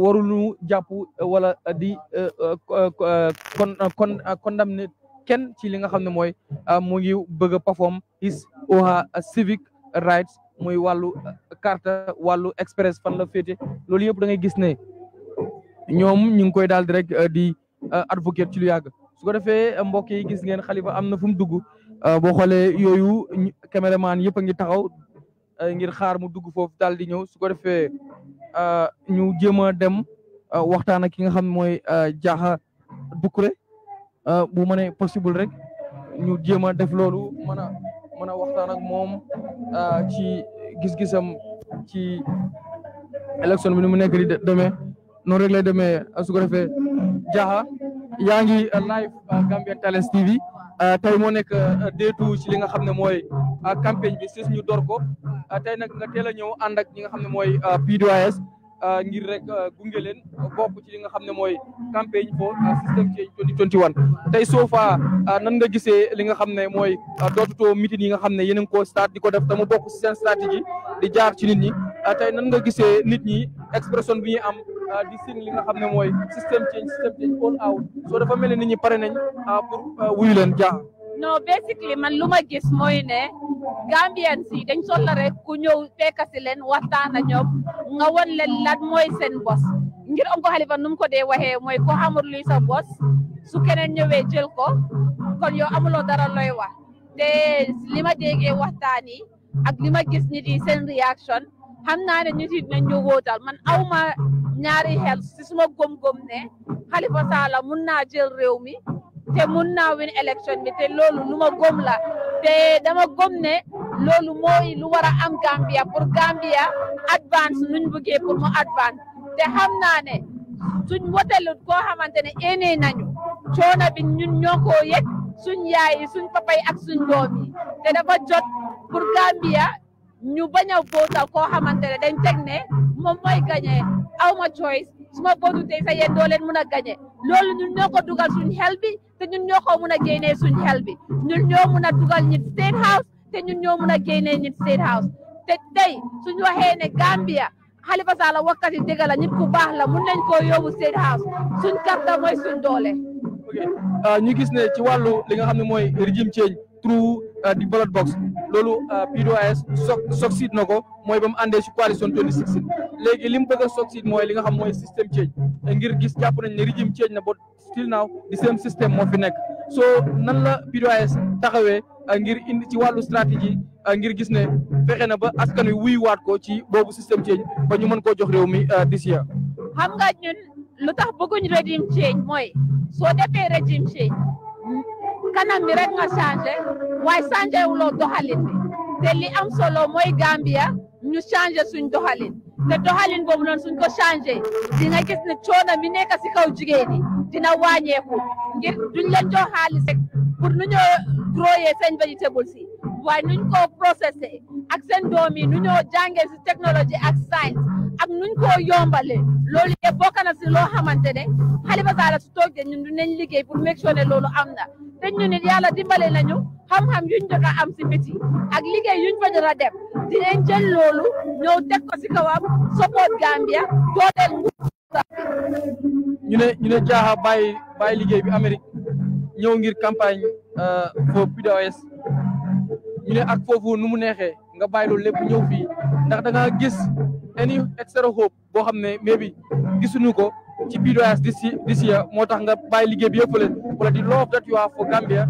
warulu jàpp wala di kon kon condamné kenn ci li nga xam ne mooy mu ngi bëgg a perform his or civic rights muy wàllu carte wàllu express fan la féete loolu yëpp da ngay gis ne ñoom ñu ngi koy daal di rek di advocate ci lu yàgg su defee mbokk yi gis ngeen xalifa am na fu mu dugg euh, boo xoolee yooyu caméraman yëpp a ngi taxaw euh, ngir xaar mu dugg foofu daal di ñëw su ko defee euh, ñu jéem a dem waxtaan ak ki nga xam mooy jaaxa Doucouré bu mënee possible rek ñu jéem a def loolu mën a ak moom ci gis-gisam ci élection bi ni mu nekk di demee noonu rek su ko defee jaaxa yaa ngi uh, live uh, Gambian Talents TV uh, tey moo nekk deetu ci li nga xam ne mooy campagne bi sis ñu door tey nag nga teel a ñëw ànd ak ñi nga xam ne mooy PDOIS Euh, ngir rek euh, gunge leen bok ci li nga xam ne mooy campagne for system change 2021 tey soo fa euh, nan nga gisee li nga xam ne mooy dootutoo meeting yi nga xam ne yéen a ngi ko start di ko def te mu bokk ci seen stratégie di jaar ci nit ñi tey nan nga gisee nit ñi expression bi ñuy am di sign li nga xam mooy system change system change all out soo dafa mel ne nit ñi pare nañ pour wuyu leen jaar no basically man lu ma gis mooy ne Gambien si dañ soxla rek ku ñëw fekkasi leen waxtaan ak ñoom nga won leen lan mooy seen bos ngir Oncle Halifa nu mu ko dee waxee mooy ko xamul luy sa bos su keneen ñëwee jël ko kon yow amuloo dara looy wax te li ma déggee waxtaan yi ak li gis nit yi seen réaction xam naa ne nit yi dinañ ñu man awma ñaari xel si suma gom-gom ne Halifa Sallah mun naa jël réew mi te mun naa win élection te loolu lu ma gëm la te dama gëm ne loolu mooy lu war am Gambia pour Gambia advance nuñ bëggee pour mu advance te xam naa ne suñ wotelut koo ne éenee nañu coono bi ñun ñoo koo yëg suñ yaay yi ak suñ doom te dafa jot pour Gambia ñu bañ a votal koo ne dañ teg ne moom mooy gagné aw suma bootu tey sa yéen doo leen mun a gañe loolu ñun ñoo ko dugal suñ xel bi te ñun ñoo ko mun a génnee suñ xel ñun ñoo mun a dugal ñit state house te ñun ñoo mun a génnee ñit state house te tey suñ waxee ne Gambia ba Sallah wakkati dëgg la nit ku baax la mun nañ koo yóbbu state house suñ karta mooy suñ doole euh, ñu gis ne ci wàllu li nga xam ne mooy régime through uh, the ballot box loolu uh, PDOIS so succeed na ko mooy ba mu àndee si coalition 2016 léegi li mu bëgg a succeed mooy li nga xam mooy système change ngir gis jàpp nañ ne régime change na ba still now the same système moo fi nekk so nan la PDOIS taxawee uh, ngir indi ci wàllu stratégie ngir gis ne fexe na ba askan wi wuy waat ko ci boobu système change ba ñu mën koo jox réew mi this year xam nga ñun lu tax bëgguñ régime change mooy soo defee régime change kana mirek nga changer sanje changer wuloo doxalin bi te li am solo mooy Gambia ñu changer suñ doxalin te doxalin boobu noonu suñ ko changer dina gis ne coona mi nekk si kaw jigéen ñi dina wàññeeku ngir duñ leen jox xaalis rek pour nu ñoo growee seen vegetable si waaye nuñ koo processé ak seen doom yi nu si technologie ak science ak nuñ koo yombale loolu yëpp bokk na si loo xamante ne Halifa Sallah su toog de ñun dinañ liggéey pour make sure ne loolu am na te ñu nit dimbale nañu xam-xam yuñ jot a am si biti ak liggéey yuñ fa jot a def dinañ jël loolu ñëw teg ko si kawam support Gambia dooleel ñu ne ñu ne jaaxa bàyyi liggéey bi Amérique ñëw ngir campagne euh, fo PDOS ñu ne ak foofu nu mu neexee nga bàyyi lool lépp ñëw fii ndax da nga gis any extra hope boo xam ne mais bi gisuñu ko ci biir di si di moo tax nga bàyyi liggéey bi yëpp fële wala di love that you have for Gambia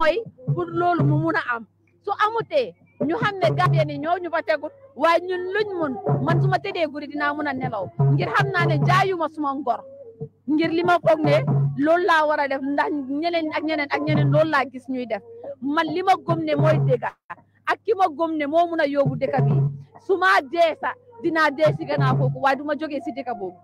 mooy pour loolu mu mun a am su amutee ñu xam ne gardien yi ñoo ñu fa tegut waaye ñun luñ mun man su ma tëddee guddi dinaa mun a nelaw ngir xam naa ne jaayuma suma ngor ngir li ma foog ne loolu laa war a def ndax ñeneen ak ñeneen ak ñeneen loolu laa gis ñuy def man li ma gëm ne mooy dëgg ak ki ma gëm ne moo mun a yóbbu dëkk bi su ma dee sax dinaa dee si gannaaw kooku waaye du ma jógee si dëkk boobu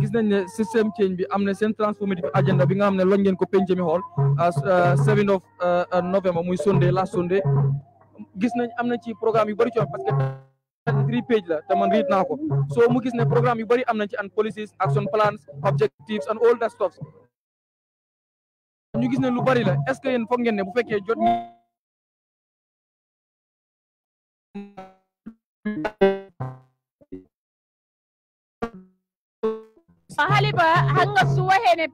gis nañ ne système change bi am na seen transformative agenda bi nga xam ne loñ ngeen ko pencami xool ah, ah, seven of ah, november muy Sunday last Sunday gis nañ am na ci programme yu bëri ci parce que three page la te man read naa ko so mu gis ne programme yu bëri am ci and policies action plans objectives and all that stuff ñu gis ne lu bëri la est ce que yéen foog ngeen ne bu fekkee jot haliba hanga suwa hene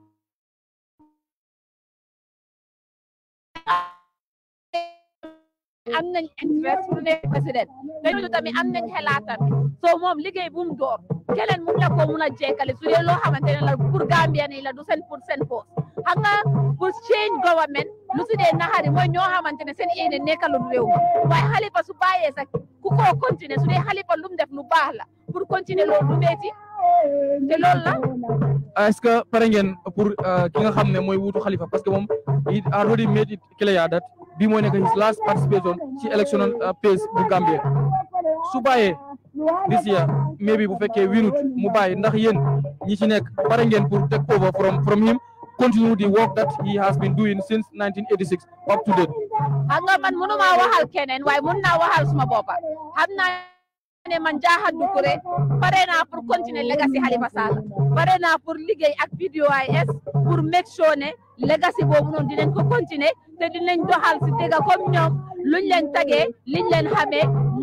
eh, am nañ interest pour nekk président dañu tamit am nañ xelaatam soo moom liggéey bum door keneen mun na ko mun a jekkale su dee loo xamante la pour Gambien yi la du seen pour seen poos xam nga pour change government lu si dee naxari mooy ñoo xamante ne seen yéene nekkalul réew mi waaye Halifa su bàyyee sax ku ko continuer su dee Halifa lu mu def lu baax la pour continuer loolu du te loolu la. Ah, est que pare ngeen pour euh, ki nga xam ne mooy wutu xalifa parce que moom it already made it clear that bii mooy nekk his last participation ci election euh, phase bu Gambia su bàyyee this year maybe bu fekkee winut mu bàyyi ndax yéen ñi ci nekk pare ngeen pour take over from from him continue the work that he has been doing since 1986 up to date. xam nga man mënuma waxal keneen waaye suma bopp xam ne man Diakhar Doucouré pare naa pour continuer legacy Halifa Sallah pare naa pour liggéey ak PDOIS pour make sure ne legacy boobu noonu dinañ ko continuer te dinañ doxal si dëgg comme ñoom luñ leen tagee liñ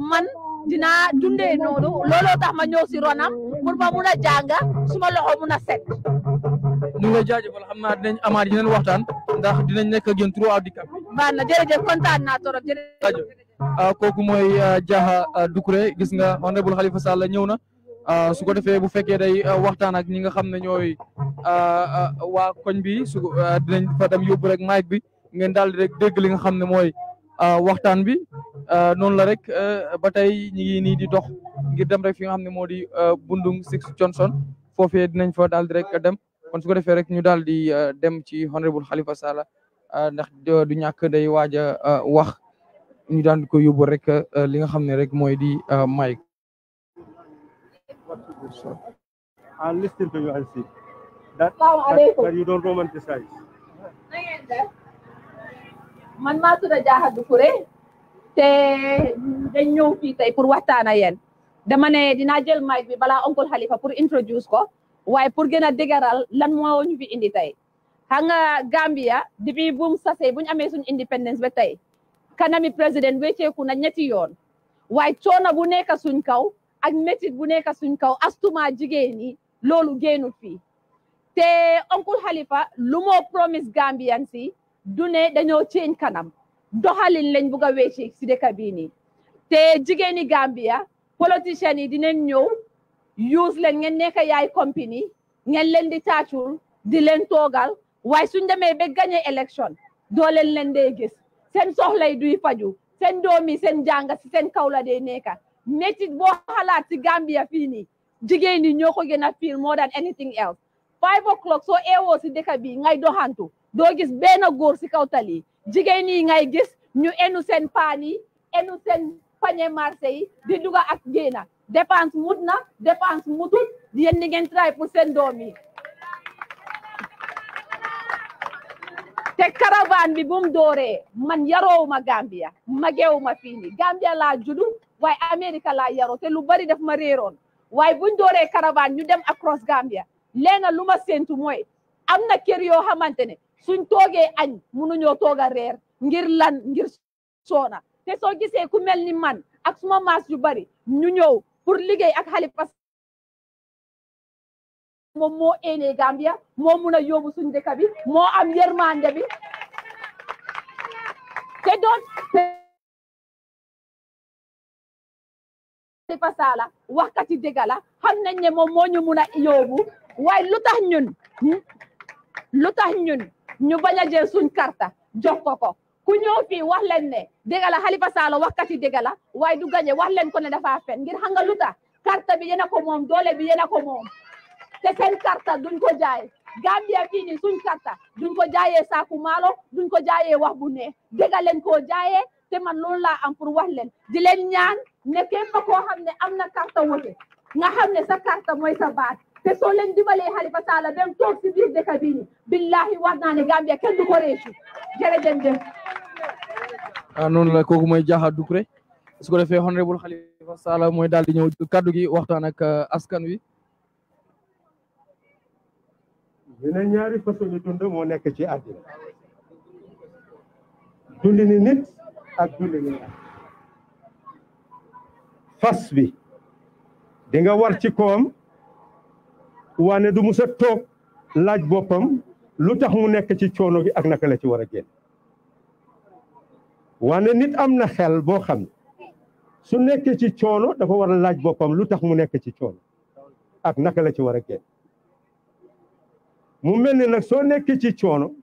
man dinaa dundee noonu looloo tax ma ñëw si ronam pour ma mun a jànga suma loxo mun a set ñu nga jaajëfal xam naa dinañ amaat yeneen waxtaan ndax dinañ nekk ak yéen trois heures di na jërëjëf kontaan naa torop jërëjëf Ah, kooku mooy ah, Diakha ah, Doucouré gis nga honorable Halifa Sallah ñëw na su ko defee bu fekkee day waxtaan ak ñi nga xam ne ñooy waa koñ bi su dinañ fa dem yóbbu rek mic bi ngeen daal di rek dégg li nga xam ne mooy waxtaan bi noonu la rek ba tey ñi ngi nii di dox ngir dem rek fi nga xam ne moo di Bundung Six Johnson foofee dinañ fa daal di rek dem kon su ko defee rek ñu daal di dem ci honorable Halifa sala ndax du ñàkk day waaj a wax. ñu daan ko yóbbu rek euh, li nga xam ne rek mooy di euh, Mike. And ah, listen to you and see that that, that man maa tudd te dañ ñëw tey pour waxtaan ak yéen dama ne dinaa jël mic bi balaa oncle Halifa pour introduce ko waaye pour gën a dëgëral lan moo ñu fi indi tey xam nga Gambia depuis bu mu sasee bu ñu amee suñu independence ba tey. kanami président wecceeku na ñetti yoon waay coono bu nekk suñ kaw ak métit bu nekk suñ kaw astuma jigéen ñi loolu géenu fii te oncle Halifa lu moo promise Gambian si du ne dañoo ceeñ kanam doxalin leñ bugg a wecci si dëkk bii nii te jigéeni Gambia politiciens yi dinañ ñëw use leen ngeen nekk yaay compagnie ngeen leen di taacul di leen toogal waaye suñ demee ba gagné élection doo leen leen Sen sohlay duy faju sen domi sen janga jàng sen seen kaw la dee nekka métit boo Gambia Fini. nii jigéen ñi ñoo feel more than anything else five o'clock so ewo si deka bi ngay doxantu do gis ben goor si kaw tali jigeen ni ngay gis ñu enu sen pani, enu sen pañe marché yi di duga ak gëna dépense mudna dépense mudul yéen ni ngeen try pour sen domi te caravane bi bu dooree man yarowuma Gambia magewuma fii nii Gambia laa juddu waaye America laa yaroo te lu bari daf ma réeroon waaye buñ dooree caravane ñu dem across Gambia leena lu ma séntu mooy am na kër yoo xamante ne suñ toogee añ mënuñoo toog a reer ngir lan ngir soona te soo gisee ku mel ni man ak suma maas yu bari ñu ñëw pour liggéey ak Halifa moom moo eenee Gambia moo mun a yóbbu suñ dëkk bi moo am yërmande bi te doon Halifa Sallah waxkati dëgg la xam nañ ne moom moo ñu mun a yóbbu waaye lu tax ñun lu tax ñun ñu bañ a jël suñ karta jox ko ko ku ñëw fii wax leen ne dëgg la Halifa Sallah waxkati dëgg la waaye du gañe wax leen ko ne dafa fen ngir xam nga lu tax karta bi yéen a ko moom doole bi yéen a ko moom te seen karta duñ ko jaay Gambia bi ni suñ karta duñ ko jaayee saaku maalo duñ ko jaayee wax bu ne dégga leen koo jaayee te man loolu laa am pour wax leen di leen ñaan ne képp koo xam ne am na karta wote nga xam ne sa karta mooy sa baat te soo leen dimbalee Halifa Sallah dem toog si biir dëkk bii nii billahi wax na ne Gambia kenn du ko réccu jërëjëf dem ah noonu la kooku mooy Jaha Dukure ko defee honorable Halifa Sallah mooy daal di ñëw kaddu gi waxtaan ak ah, askan wi ñu ne ñaari façon yu dund moo nekk ci àddina dundi ni nit ak dundi ni fas bi di nga war ci koom waane du musa toog laaj boppam lu tax mu nekk ci coono bi ak naka la ci war a génn waane nit am na xel boo xam su nekkee ci coono dafa war a laaj boppam lu tax mu nekk ci coono ak naka la ci war a génn mu mel ni nag soo nekkee ci coono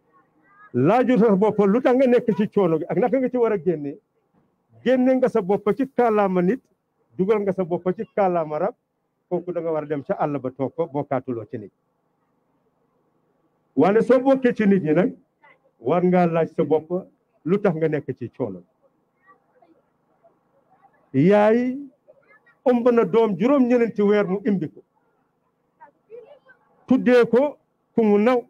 laaju sa boppa lu tax nga nekk ci coono gi ak naka nga ci war a génnee génne nga sa bopp ci kàllaama nit dugal nga sa bopp ci kàllaama rab kooku da war a dem ca àll ba toog ko bokkaatuloo ci nit wane soo bokkee ci nit ñi nag war nga laaj sa bopp lu tax nga nekk ci coono yaay ëmb na doom juróom-ñeneenti weer mu imbi ko ku mu naw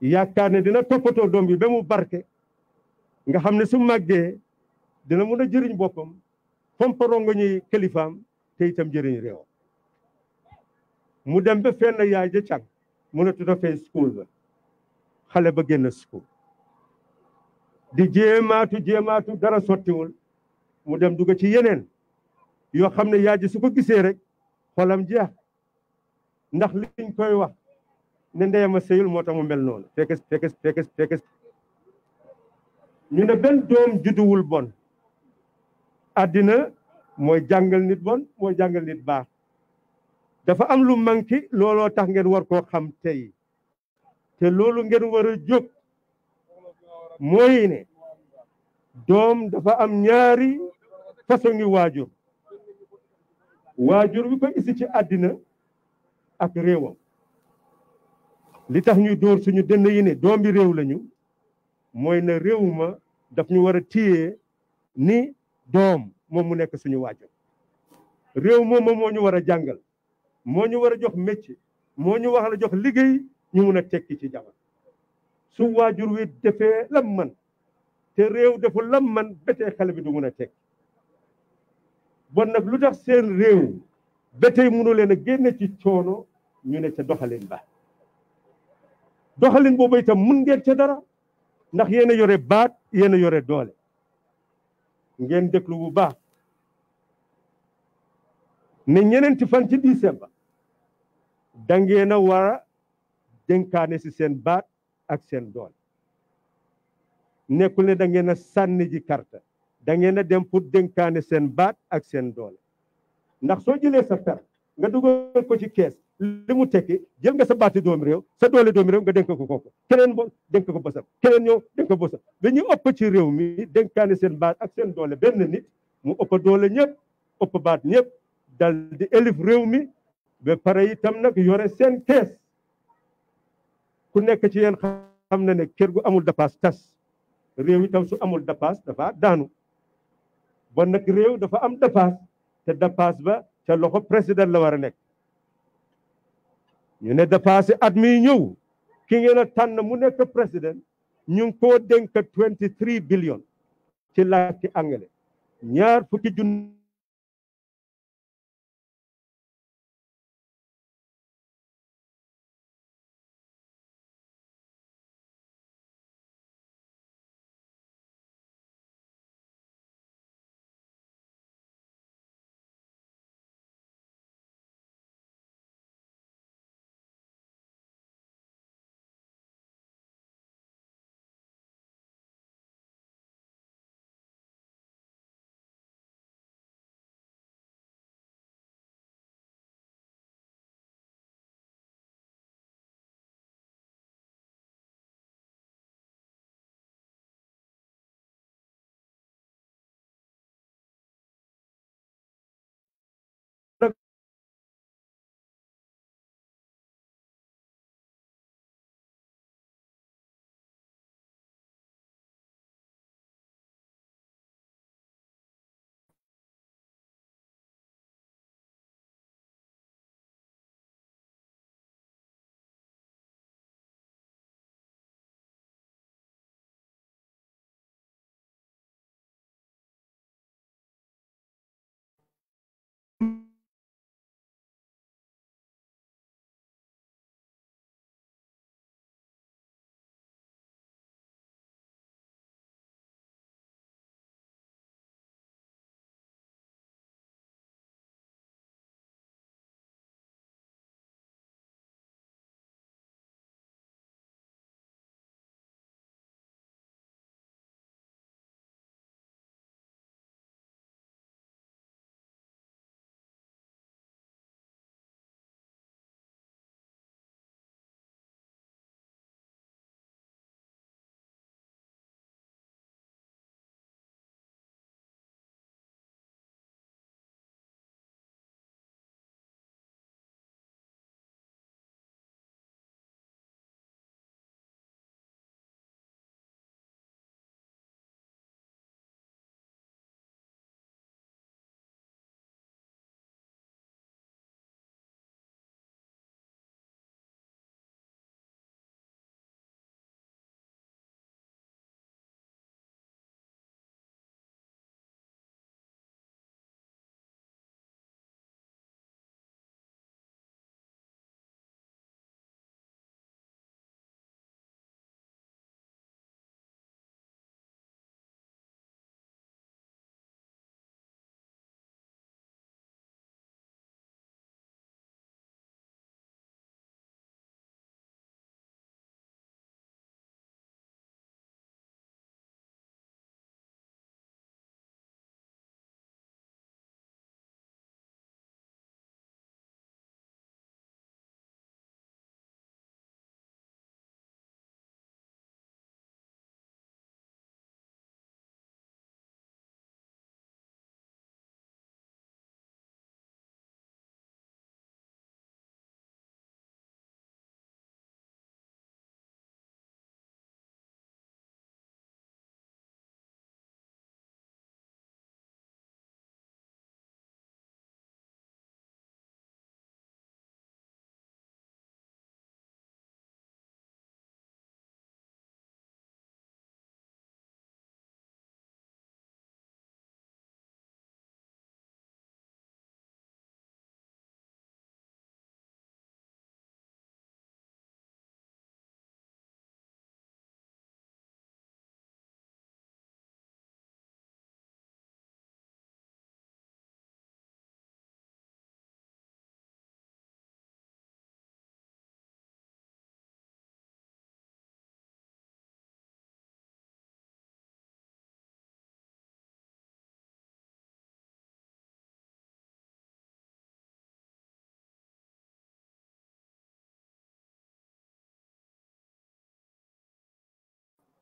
yaakaar ne dina toppatoo doom bi ba mu barke nga xam ne su màggee dina mun a jëriñ boppam fomporongo ñuy kilifaam te itam jëriñ réew mu dem ba fenn yaay ja càng mun a tuta fay ba xale ba génn school di jéemaatu jéemaatu dara sottiwul mu dem dugg ci yeneen yoo xam ne yaay ji su gisee rek xolam jeex ndax liñ koy wax ne ndeyam a sëyul moo tax mu mel noonu fekk fekk fekk fekk ñu ne benn doom judduwul bon àddina mooy jàngal nit bon mooy jàngal nit baax dafa am lu manqué looloo tax ngeen war koo xam tey te loolu ngeen war a jóg mooy ne doom dafa am ñaari façon ngi waajur waajur bi ko isi ci àddina ak réewam li tax ñuy dóor suñu dënn yi ne doom bi réew lañu mooy na réew ma daf ñu war a téye ni doom moom mu nekk suñu waajur réew moom moo ñu war a jàngal moo ñu war a jox métier moo ñu wax la jox liggéey ñu mun a tekki ci jamono su waajur wi defee lam man te réew defu lam man betee xale bi du mun a tekki bon nag lu tax seen réew betey mënu leen a génne ci coono ñu ne ca doxalin ba doxalin boobu itam mun ngeen ca dara ndax yéen a yore baat yéen a yore doole ngeen déglu bu baax ne ñeneenti fan ci décembre da ngeen a war a dénkaane si seen baat ak seen doole nekkul ne da ngeen a sànne ji karta da ngeen a dem pour dénkaane seen baat ak seen doole ndax soo jëlee sa fer nga dugal ko ci kees li mu tekki jël nga sa baati doomi réew sa doole doomi réew nga dénk ko kooku keneen bo dénk ko bosam keneen ñoo dénk ko bosam ba ñu ëpp ci réew mi dénkaane seen baat ak seen doole benn nit mu ëpp doole ñëpp ëpp baat ñëpp dal di élif réew mi ba pare itam nag yore seen kees ku nekk ci yéen xam na ne kër gu amul dapaas tas réew yi tam su amul dapaas dafa daanu bon nag réew dafa am dapaas te dapaas ba ca loxo président la war a nekk ñu ne dépassé at mi ñëw ki ngeen a tànn mu nekk président ñu ngi koo dénk 23 billion ci làkki angale ñaar fukki junni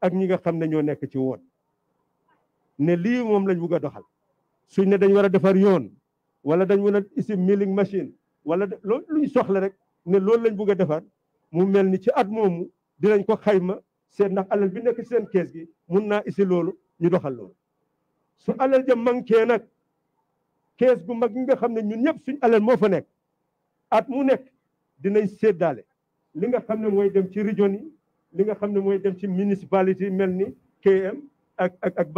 ak ñi nga xam ne ñoo nekk ci woon ne lii moom lañ bugg a doxal suñ ne dañ war a defar yoon wala dañ war a isi milling machine wala loolu luñ soxla rek ne loolu lañ bugg a defar mu mel ni ci at moomu dinañ ko xayma seen ndax alal bi nekk ci seen kees gi mun naa isi loolu ñu doxal loolu su alal ja manqué nag kees gu mag ñi nga xam ne ñun ñëpp suñ alal moo fa nekk at mu nekk dinañ séddaale li nga xam ne mooy dem ci région yi li nga xam ne mooy dem ci municipalité mel ni KM ak ak ak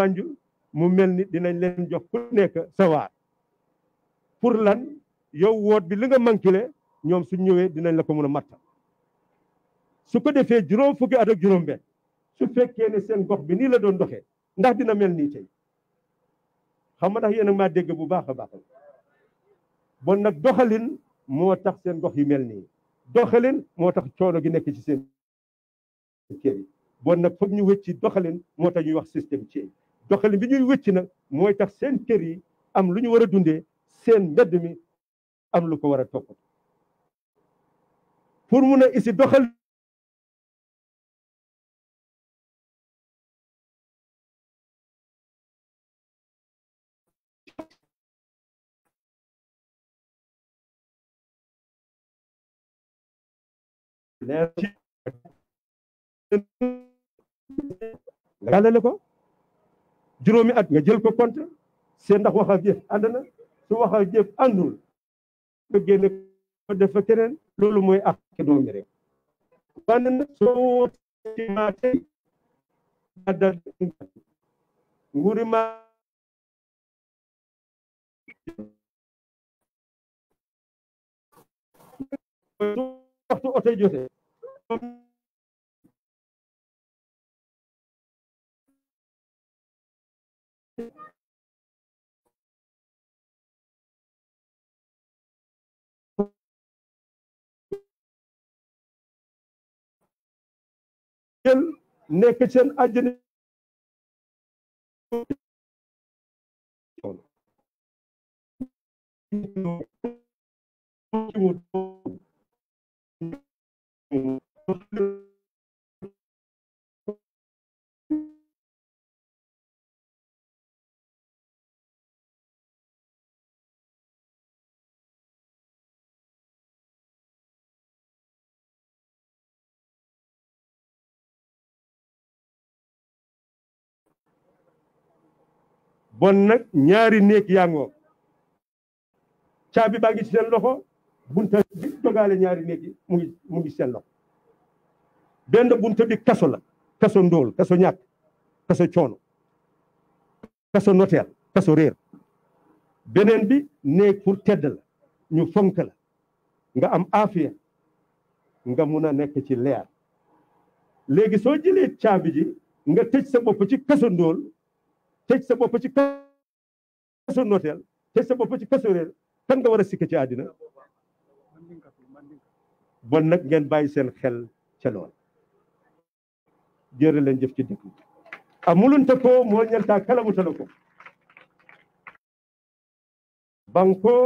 mu mel ni dinañ leen jox ku nekk sawaar pour lan yow woot bi li nga manqué ñoom su ñëwee dinañ la ko mën a matta su ko defee juróom fukki at ak juróom-benn su fekkee ne seen gox bi nii la doon doxee ndax dina mel nii tey xam nga ndax yéen a dégg bu baax a baax bon nag doxalin moo tax seen gox yi mel nii doxalin moo tax coono gi nekk ci seen ceeb yi bon nag foog ñu wëcci doxalin moo tax ñuy wax système ci doxalin bi ñuy wëcci nag mooy tax seen kër yi am lu ñu war a dundee seen mbedd mi am lu ko wara a topp pour mun a isi doxal nga jàllale juróomi at nga jël ko compte seen ndax wax ak jëf su wax ak jëf keneen loolu mooy ak doom yi rek wane soo ma tey ma dal waxtu oto jotee ngeen nekk seen àjjana Thank you. bon nag ñaari néeg yàngoo caabi baa ngi ci seen loxo bunta bi jogaale ñaari néeg yi mu ngi seen loxo benn bunta bi kaso la kaso ndóol kaso ñàkk kaso coono kaso noteel kaso réer beneen bi néeg pour teddal ñu fonk nga am aafiya nga mun a nekk ci leer léegi soo jëlee caabi ji nga tëj sa bopp ci kaso ndóol tëj sa bopp ci kaso nooteel tëj sa bopp ci kaso réer kan nga war a sikk ci àddina bon nag ngeen bàyyi seen xel ca lool jërë leen jëf ci dëkk amulunta ko moo ñalta kalamutala ko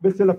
be sela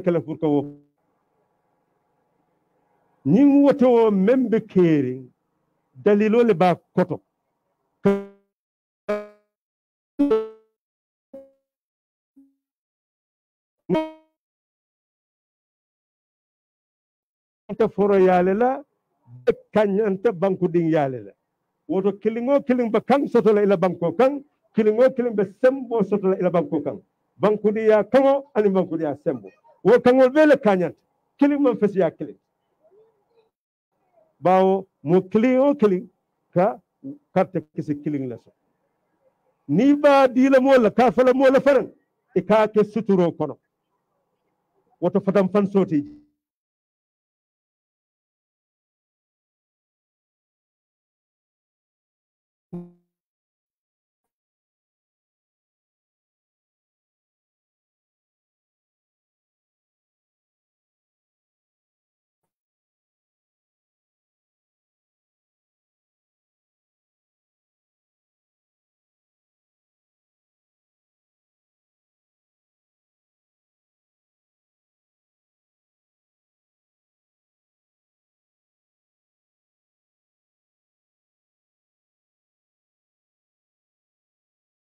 kala pour ko ñin wote o men be keerin dalilole ba koto foro la banku la woto kilingo ba kan ila banko kan kilingo sembo ila banko kan ani bankuɗiya sembo wo kangol vele kanyant kili man fesi ya kili bawo mo kili o kili ka karte kisi kili la so ni ba di la mo la ka fala mo la faran e ka ke suturo kono woto fatam fan soti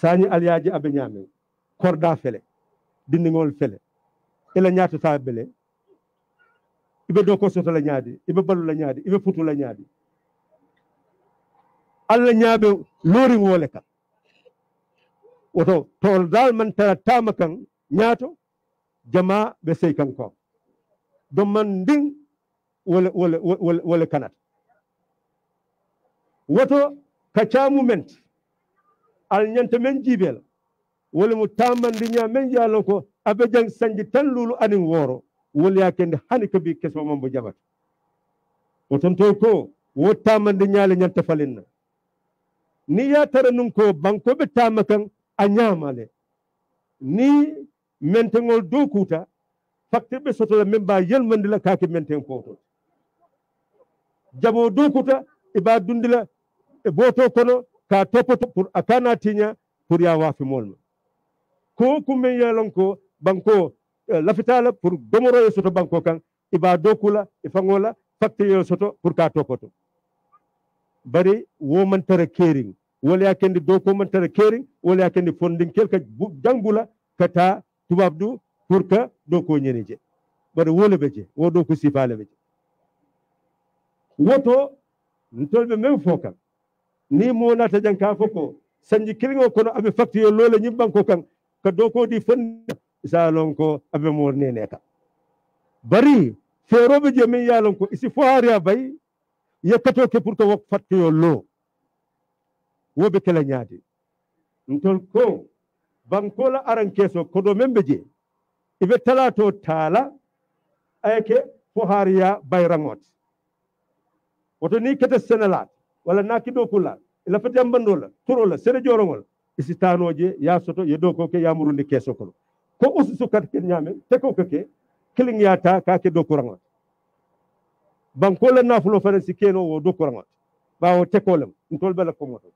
sañi alyaji aɓe ñamen korda fele dindigol fele ela ñatata bele iɓe dow kosoto la ñaadi iɓe balu la ñaadi iɓe putu la ñaadi allah ñaaɓe looriŋoole kan woto to dal man tara tama kan ñaato jama ɓe sey kan ko don man ndin wole wole wole kanata woto ka caamumente al ñanta men jiibel wala mu tamandi ña men jaalon ko abe jang sanji tan lulu anin woro wala yakende hani kabi kesma mambo jabat otonto ko wo tamandi ñaale ñanta falinna ni ya tara nun ko banko be tamakan a ñamale ni mentengol dow kuuta facteur ɓe sotola min mba la kaake menten koto jabo dow kuuta iba dundila e boto kono ka topoto pour akana tinya pour ya wafi molma ko kumbe yalanko banko eh, lafitala pour domoro yo soto banko kan iba dokula ifangola fakte yo soto pour ka topoto bari wo man tara kering wala ya kendi doko man tara kering wala ya kendi fondin kelka jangula kata tubabdu pour que doko nyeneje bari wole beje wo doko sifale beje woto ntolbe men fokal ni mo nata jan ka foko sanji kiringo kono abe fakti yo lole nyimban ko kan ka doko di fon salon ko abe mor ne ne ka bari ferobe je min yalon ko isi foariya bay yekkato ke pour ko wak fakti yo lo wobe kala nyaade ntol ko bankola aran keso kodo membe je ibe talato tala ayke fohariya bayrangot woto ni kete senelat walla naakkiɗo kulla lafa jambando la toro la sere jorongo la tanoje ya soto ye do ya yamurundi keso kono ko ususu kat ken ñaame te ko kake kiling yata ka ke do kuranga banko la nafulo fana si keno wo do kuranga bawo te ko lam ntol bela ko moto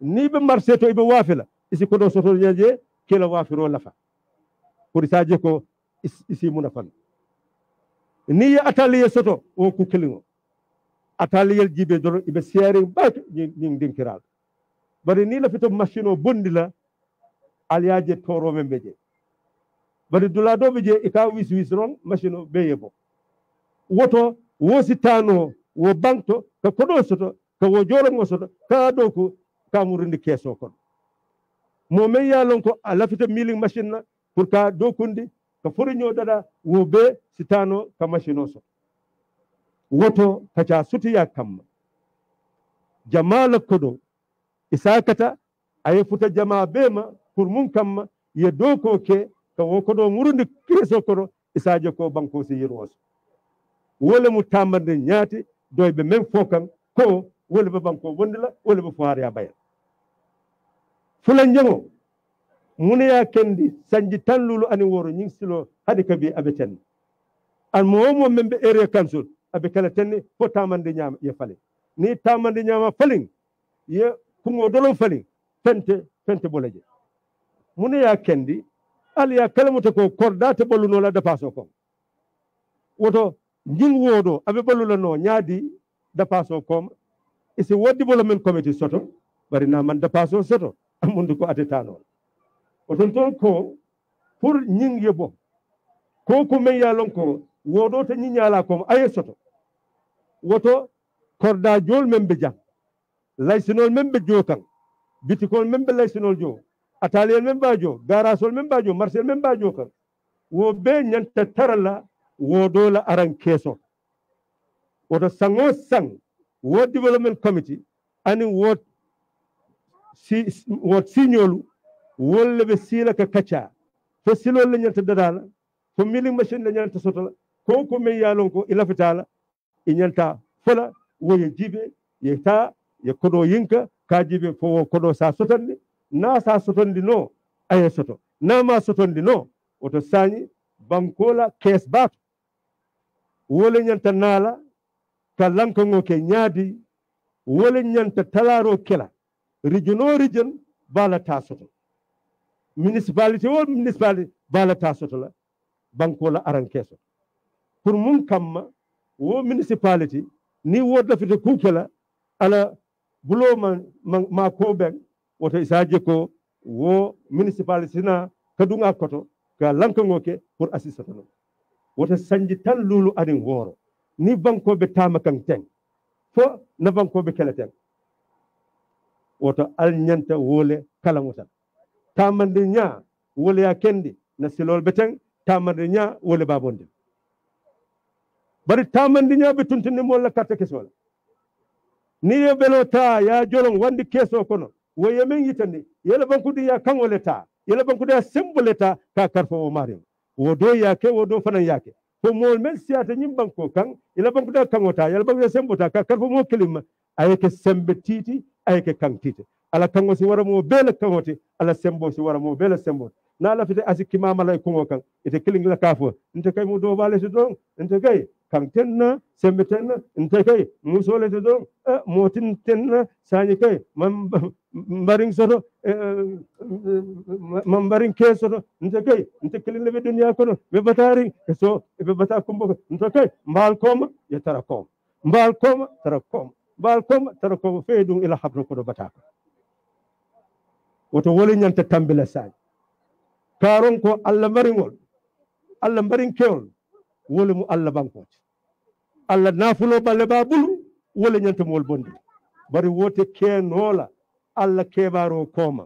ni be marché to ibe wafela isi ko do soto ñaje kela wafiro lafa pour saje ko isi munafan ni ya atali soto wo ku kilingo ataliyel jibe dono iɓe seere ɓayto ɗin ndinkiraɗo bade ni la machine o bondi la aliyaje toroɓe mbe je bade dulaɗoɓe je ika wis wis ron machine o ɓeye bo woto wositano wo banto ka koɗo soto ka wo mo soto ka do ko kamurindi keeso kono mo men yalon ko a lafita milling machine na pour ka dokundi ka foriño dada wo be sitano ka machine o soto woto kaca sutiya kamma e jama lokko ɗo isakata aye futa jama ɓema pour mum kamma ye dow koke ka woko ɗo wurudi kriso koɗo isajo e ko bankosi yirwoso wole mu tambarde ñaati doyɓe men fo kan ko wole ɓe banko wondila wole ɓe foharya bayal fula jango muniya kendi sañdi tan lulu ani woro ñing silo hade kabi aɓe tenn an mo womo men ɓe ere kansol aɓe kala tenni fo tamande ñaama yo falin ni tamande ñaama falin yo kungo dolo falin fente fente bolaje mune ya kendi ala ya kalamuta ko kordate ɓollunola dapaso kon woto jin wooɗo aɓe ɓollulano ñaadi dapaso koma isi waddi bolo men comité soto bari naman dapaso soto amundu ko atetanoon oton toon ko pour ñin yebo ko ko men yalon ko ñoɗo to ñiñala komo ayesoto woto korda jol men ɓe jam laysinol men ɓe jo kan bitikol men ɓe laysinol jo ataliyel men ɓa jo garasol men ɓa jo marché men ɓa jo wo ɓe ñanta tarala wodola aran keso woto sango wo development committee wo si wo siñolu wolle ɓe siila ka kacca to silol le ñanta dadala to milling machine le ñanta sotola Ko me ya lon ko ila fitala inyanta fula wo ye jibe ye ta ye kodo yinka ka jibe fo wo kodo sa sotondi na sa sotondi no aye soto na ma sotondi no oto sañi bankola kes bato wole nyanta nala ka lankango ke ñaadi wole nyanta talaro kela region o region bala ta soto municipality o municipality bala ta soto la bankola aran keso pour mun kamma wo municipality ni wodlafite kukela ala bulo man, man, ma koɓen woto isaje ko wo municipality sina kadunga koto ka lankango ke pour assistata non woto sanji tan lulu anin wooro ni bankoɓe tama kan ten fo na bankoɓe kele ten woto alñanta wole kalaŋo tan tamande ña woleya kendi na silol be ten tamande ña wole babonde bari ni mo la carte question la ni yo belo ta ya jolong wandi keso kono wo yemen yitandi yele di ya kango ta yele banku ya sembole ta ka karfo o ya ke wo do fanan ke ko mool mel siata ñim banko kan yele banku ya kango ta yele bankude ya ta ka karfo mo ay ke sembe tiiti ke kang titi ala kango si wara mo bele ti ala sembo si wara mo bele sembote na la asi asikima e kongo kan ite kilingila kafo fo nte kay mo do balesi don nte kay kamtenna sembetenna ntekay musolete do motintenna sanyikay mambarin soto mambarin kesoto ntekay ntekilille be duniya kono be batari so be bata kumbo ntekay mbal koma ya tarakom mbal koma tarakom mbal koma tarakom feedum ila habro kodo batako woto woli ñanta tambila sañ karon ko allah maringol allah marin kewol woli mu allah bankoje allah naafuloo ɓalle baa ɓulu wole ñantemowol bonde bare woote keenoola allah keebaaro kooma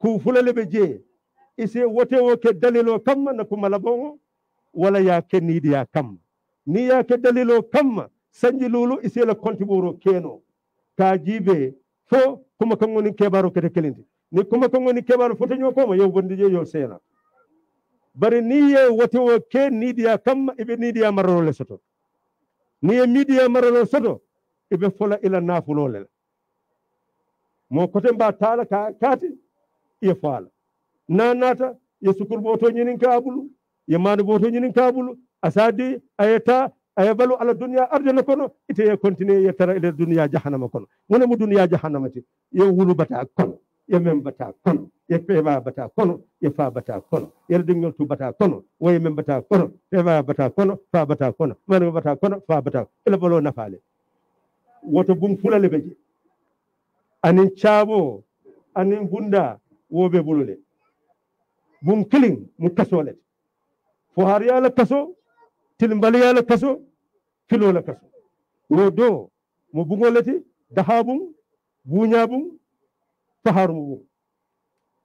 ko fulale ɓe jeye ise wote o ke dalil o kamma nako malabon o wala yaa kenniidi yaa kamma ni yaake dalil o kamma sañji luulu isiela konte ɓoro keenoo ta jiibe fo kuma kan woni keebaaro kete kelinde ni kuma kan woni keebaaro fotañoo kooma yo bonde je yo seena bare ni ye wote o ke niidiya kamma eɓe niidiya marrolo lesa toon ni e miɗiya e marano soto eɓe fola ila naafunolela mo kote mba taala ka kaate ye faala nannata ye sukur boto ñinin kaabulu ye mande boto ñinin kaabulu asaadi aye ta aye balu ala duniya ardana kono iteye continue ye tara ele duniya jahannama kono wona mo duniya jahannama te ye wulubata kono yemem bata kono ye bata kono yefa bata kono yerdiŋol tu bata kono woye min bata kono peema bata kono fa bata kono manima bata kono fa bata ele bolo nafale woto bum fulale be je anin caabo anin bunda wobe bulule bum kiliŋ mu kasolete fo hariya la kaso ya la kaso filo la kaso wodo mo buŋoleti dahabum bum faharumo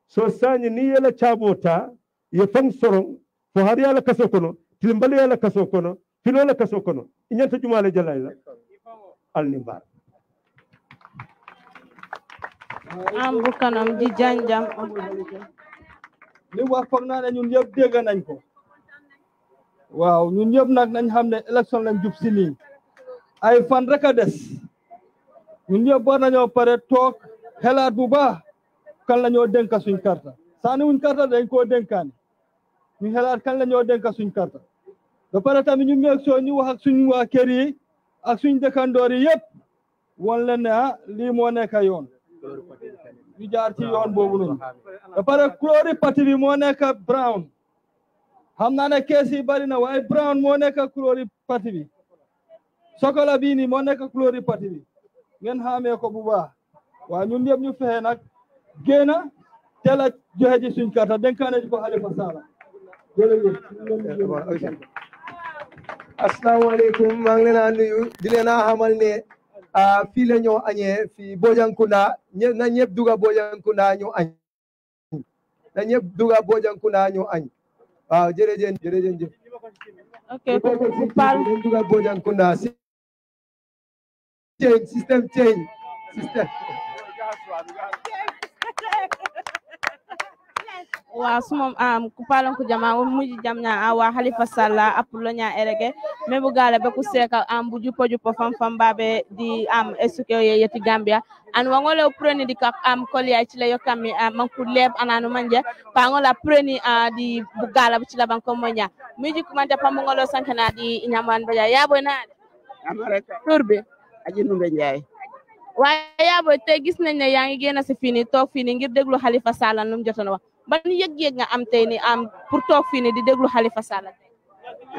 so sañi ni yela caabo ta ye fang soron fo har yala kaso kono tilimbalo yala kaso kono filola kaso kono i jumale jalay la alni mbar am bu kanam ji janjam ñun yëpp dégg nañ ko waaw ñun yëpp nag nañ xam ne élection lañ jub si ay fan rek a des ñun yëpp war nañoo pare toog xelaat bu baax kan la ñoo dénka suñ karta saani wuñ karta dañ koo dénkaani ñu kan la ñoo dénka karta ba pare tamit ñu meeg soo ñu suñ waa kër yi ak suñ dëkkandoor yi yëpp wan leen ne ah, moo nekk yoon ñu jaar ci yoon boobu noonu ba pare moo nekk brown xam naa ne kees yi bari na waaye brown moo nekk couleur parti bi sokola bii nii moo nekk couleur parti bi ngeen xaamee ko bu baax waaye ñun ñëpp ñu fexe nag génn teel a joxe ji suñ karta dénkaane ji ko Halifa Sallah jërëjëf asalaamaaleykum maa ngi leen a nuyu di leen a xamal ne fii la ñoo na ñëpp duga Bojankunda ñu añ na ñëpp duga Bojankunda ñu añ waaw jërëjëf jërëjëf ok ñu duga Bojankunda système change système waaw sumam um, ku kupalon ku jama muji jamna awa halifa salla apulonya erege bu gale be ku seka am um, bu jupo jupo fam fam babe di am um, esuke ye yeti gambia an wangole preni di kak am um, ci ay yokami am man manku leb ananu manje ngola preni a uh, di bugala bu la banko moña muji pam ngolo sankana di inyaman baya yabo na amareka turbe aji numbe njai waaye yaabooy tey gis nañ ne yaa ngi génn si fii nii toog fii nii ngir déglu Halifa Sallah lu mu jotoon wax ban yëg-yëg nga am tey ni am pour toog fii di déglu Halifa Sallah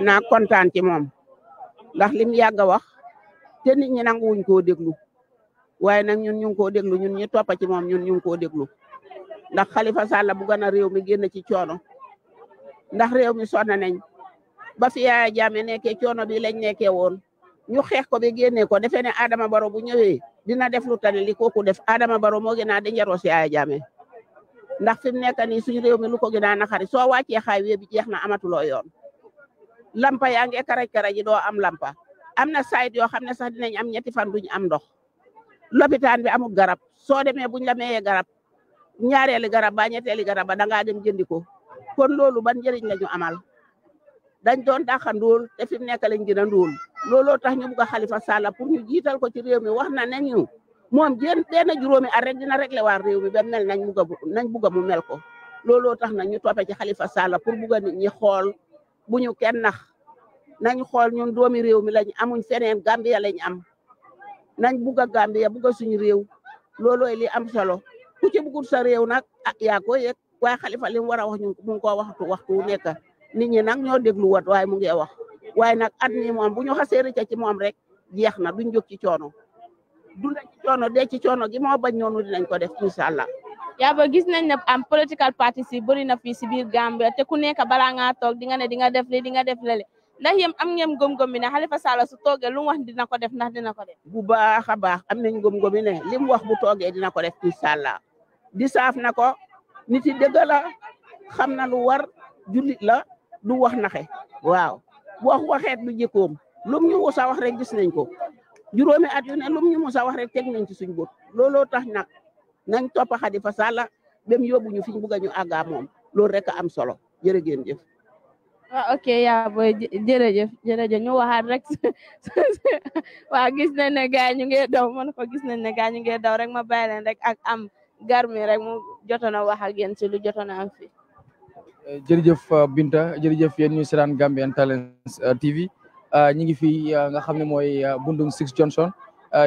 naa kontaan ci moom ndax lim yàgg a wax te nit ñi nanguwuñ koo déglu waaye nag ñun ñu ngi koo déglu ñun ñi toppa ci moom ñun ñu ngi koo déglu ndax Halifa Sallah bu gën a réew mi génn ci coono ndax réew mi sonn nañ ba yaa Yaya Jammeh nekkee coono bi lañ nekkee woon ñu xeex ko be génnee ko defe ne Adama Barrow bu ñëwee dina def lu tane li ku def Adama Barrow moo gën a di njaroo si Yaya Jammeh ndax fi mu nekk nii suñu réew mi lu ko gën a naxari soo wàccee xaywee bi jeex na amatuloo yoon lampa yaa ngi karaj karaj doo am lampa am na sayit yoo xam ne sax dinañ am ñetti fan duñ am ndox lopitaan bi amul garab soo demee buñ la mayee garab ñaareeli garab ba ñetteeli garab ba dangaa dem jëndiko ko kon loolu ban njëriñ la ñu amal dañ doon dàqa ndóol te fi mu nekk lañ gën looloo tax ñu bugg Xalifa saala pour ñu jiital ko ci réew mi wax na ne ñu moom jéem benn juróomi at rek dina réglé waar réew mi ba mel nañ bugg a nañ bugg mu mel ko looloo tax na ñu toppe ci Xalifa Sall pour bugg a nit ñi xool bu ñu kenn nax nañ xool ñun doomi réew mi lañ amuñ feneen Gambia lañ am nañ bugg a bugga bugg suñu réew looloo li am solo ku ci buggul sa réew nag ah yaa ko yëg waaye Xalifa li mu war a wax ñu mu ko koo wax waxtu wu nekk nit ñi nag ñoo déglu wat waaye mu ngi wax waye nak at ni mom buñu ñu xasee ci mom rek jeex na duñ jóg ci coono dund ci coono de ci coono gi mo bañ noonu dinañ ko def inshallah ya ba gis nañ ne am political parties yi bari na fi si bir Gambia te ku nekk bala nga tok di nga ne di nga def li di nga def lele ndax yam am ngeen gom gom bi ne Halifa Sallah su toge lu wax dina ko def ndax dina ko def. bu baakha baax am nañ gom gom bi ne wax bu toge dina ko def inshallah di saaf nako niti deugala xamna lu war julit la du wax naxe waaw. wax waxeet lu jëkkoom lum ñu musa wax rek gis nañ ko juróomi at yu ne lum ñu musa wax rek teg nañ ci suñ bopp looloo tax nag nañ topp Halifa Sallah bem yóbbu ñu fi ñu ñu àggaa moom loolu rek a am solo jërë ngeen jëf. waaw ah, ok yaa booy jërëjëf ñu waxaat rek waaw gis nañ ne gars ñu ngi daw man ko gis nañ ne gars ñu ngi daw rek ma bàyyi leen rek ak am garmi rek mu joto na wax ak yéen si lu jotoon a am fii. jërëjëf euh, Binta jërëjëf yéen ñu seetaan Gambian Talents euh, TV euh, ñi ngi fi nga xam ne mooy Bundung Six Johnson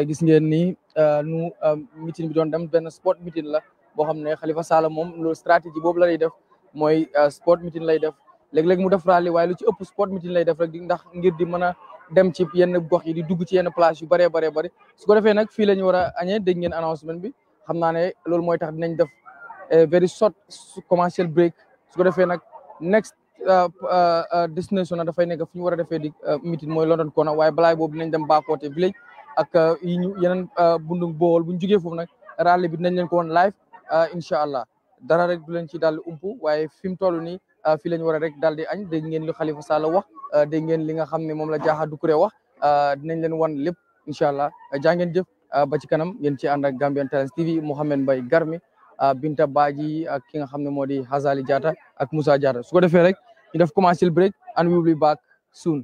gis ngeen ni nu mitin bi doon dem benn sport meeting la boo xam ne xalifa Sallah moom loolu stratégie boobu la lay def mooy sport meeting lay def léeg-léeg mu def rally waaye lu ci ëpp sport meeting lay def rek ndax ngir di mën a dem ci yenn gox yi di dugg ci yenn place yu bëree bëree bëri su ko defee nag fii la ñu war a añee dégg ngeen announcement bi xam naa ne loolu moy tax dinañ def very short commercial break su ko defee nag next uh, uh, uh, destination nag dafay nekk fu ñu war a defee di meeting mooy London Corner waaye balaay boobu dinañ dem Bakoteh village ak yi ñu yeneen bundung bool bu ñu jugee foofu nag rally bi dinañ leen ko woon live incha allah dara rek du leen ci daal di umpu waaye fi mu toll nii fii la war a rek daal di añ dégg ngeen li Khalifa Sall wax dégg ngeen li nga xam ne moom la Jaaxa Dukkure wax dinañ leen wan lépp incha allah jaa ngeen jëf ba ci kanam ngeen ci ànd ak Gambian Talents TV Mouhamed bay Garmi. a ah, Binta Badji ak ki nga xam ne moo di Hazali jaata ak Moussa Diatta su ko defee rek ñu def commercial break and we will be back soon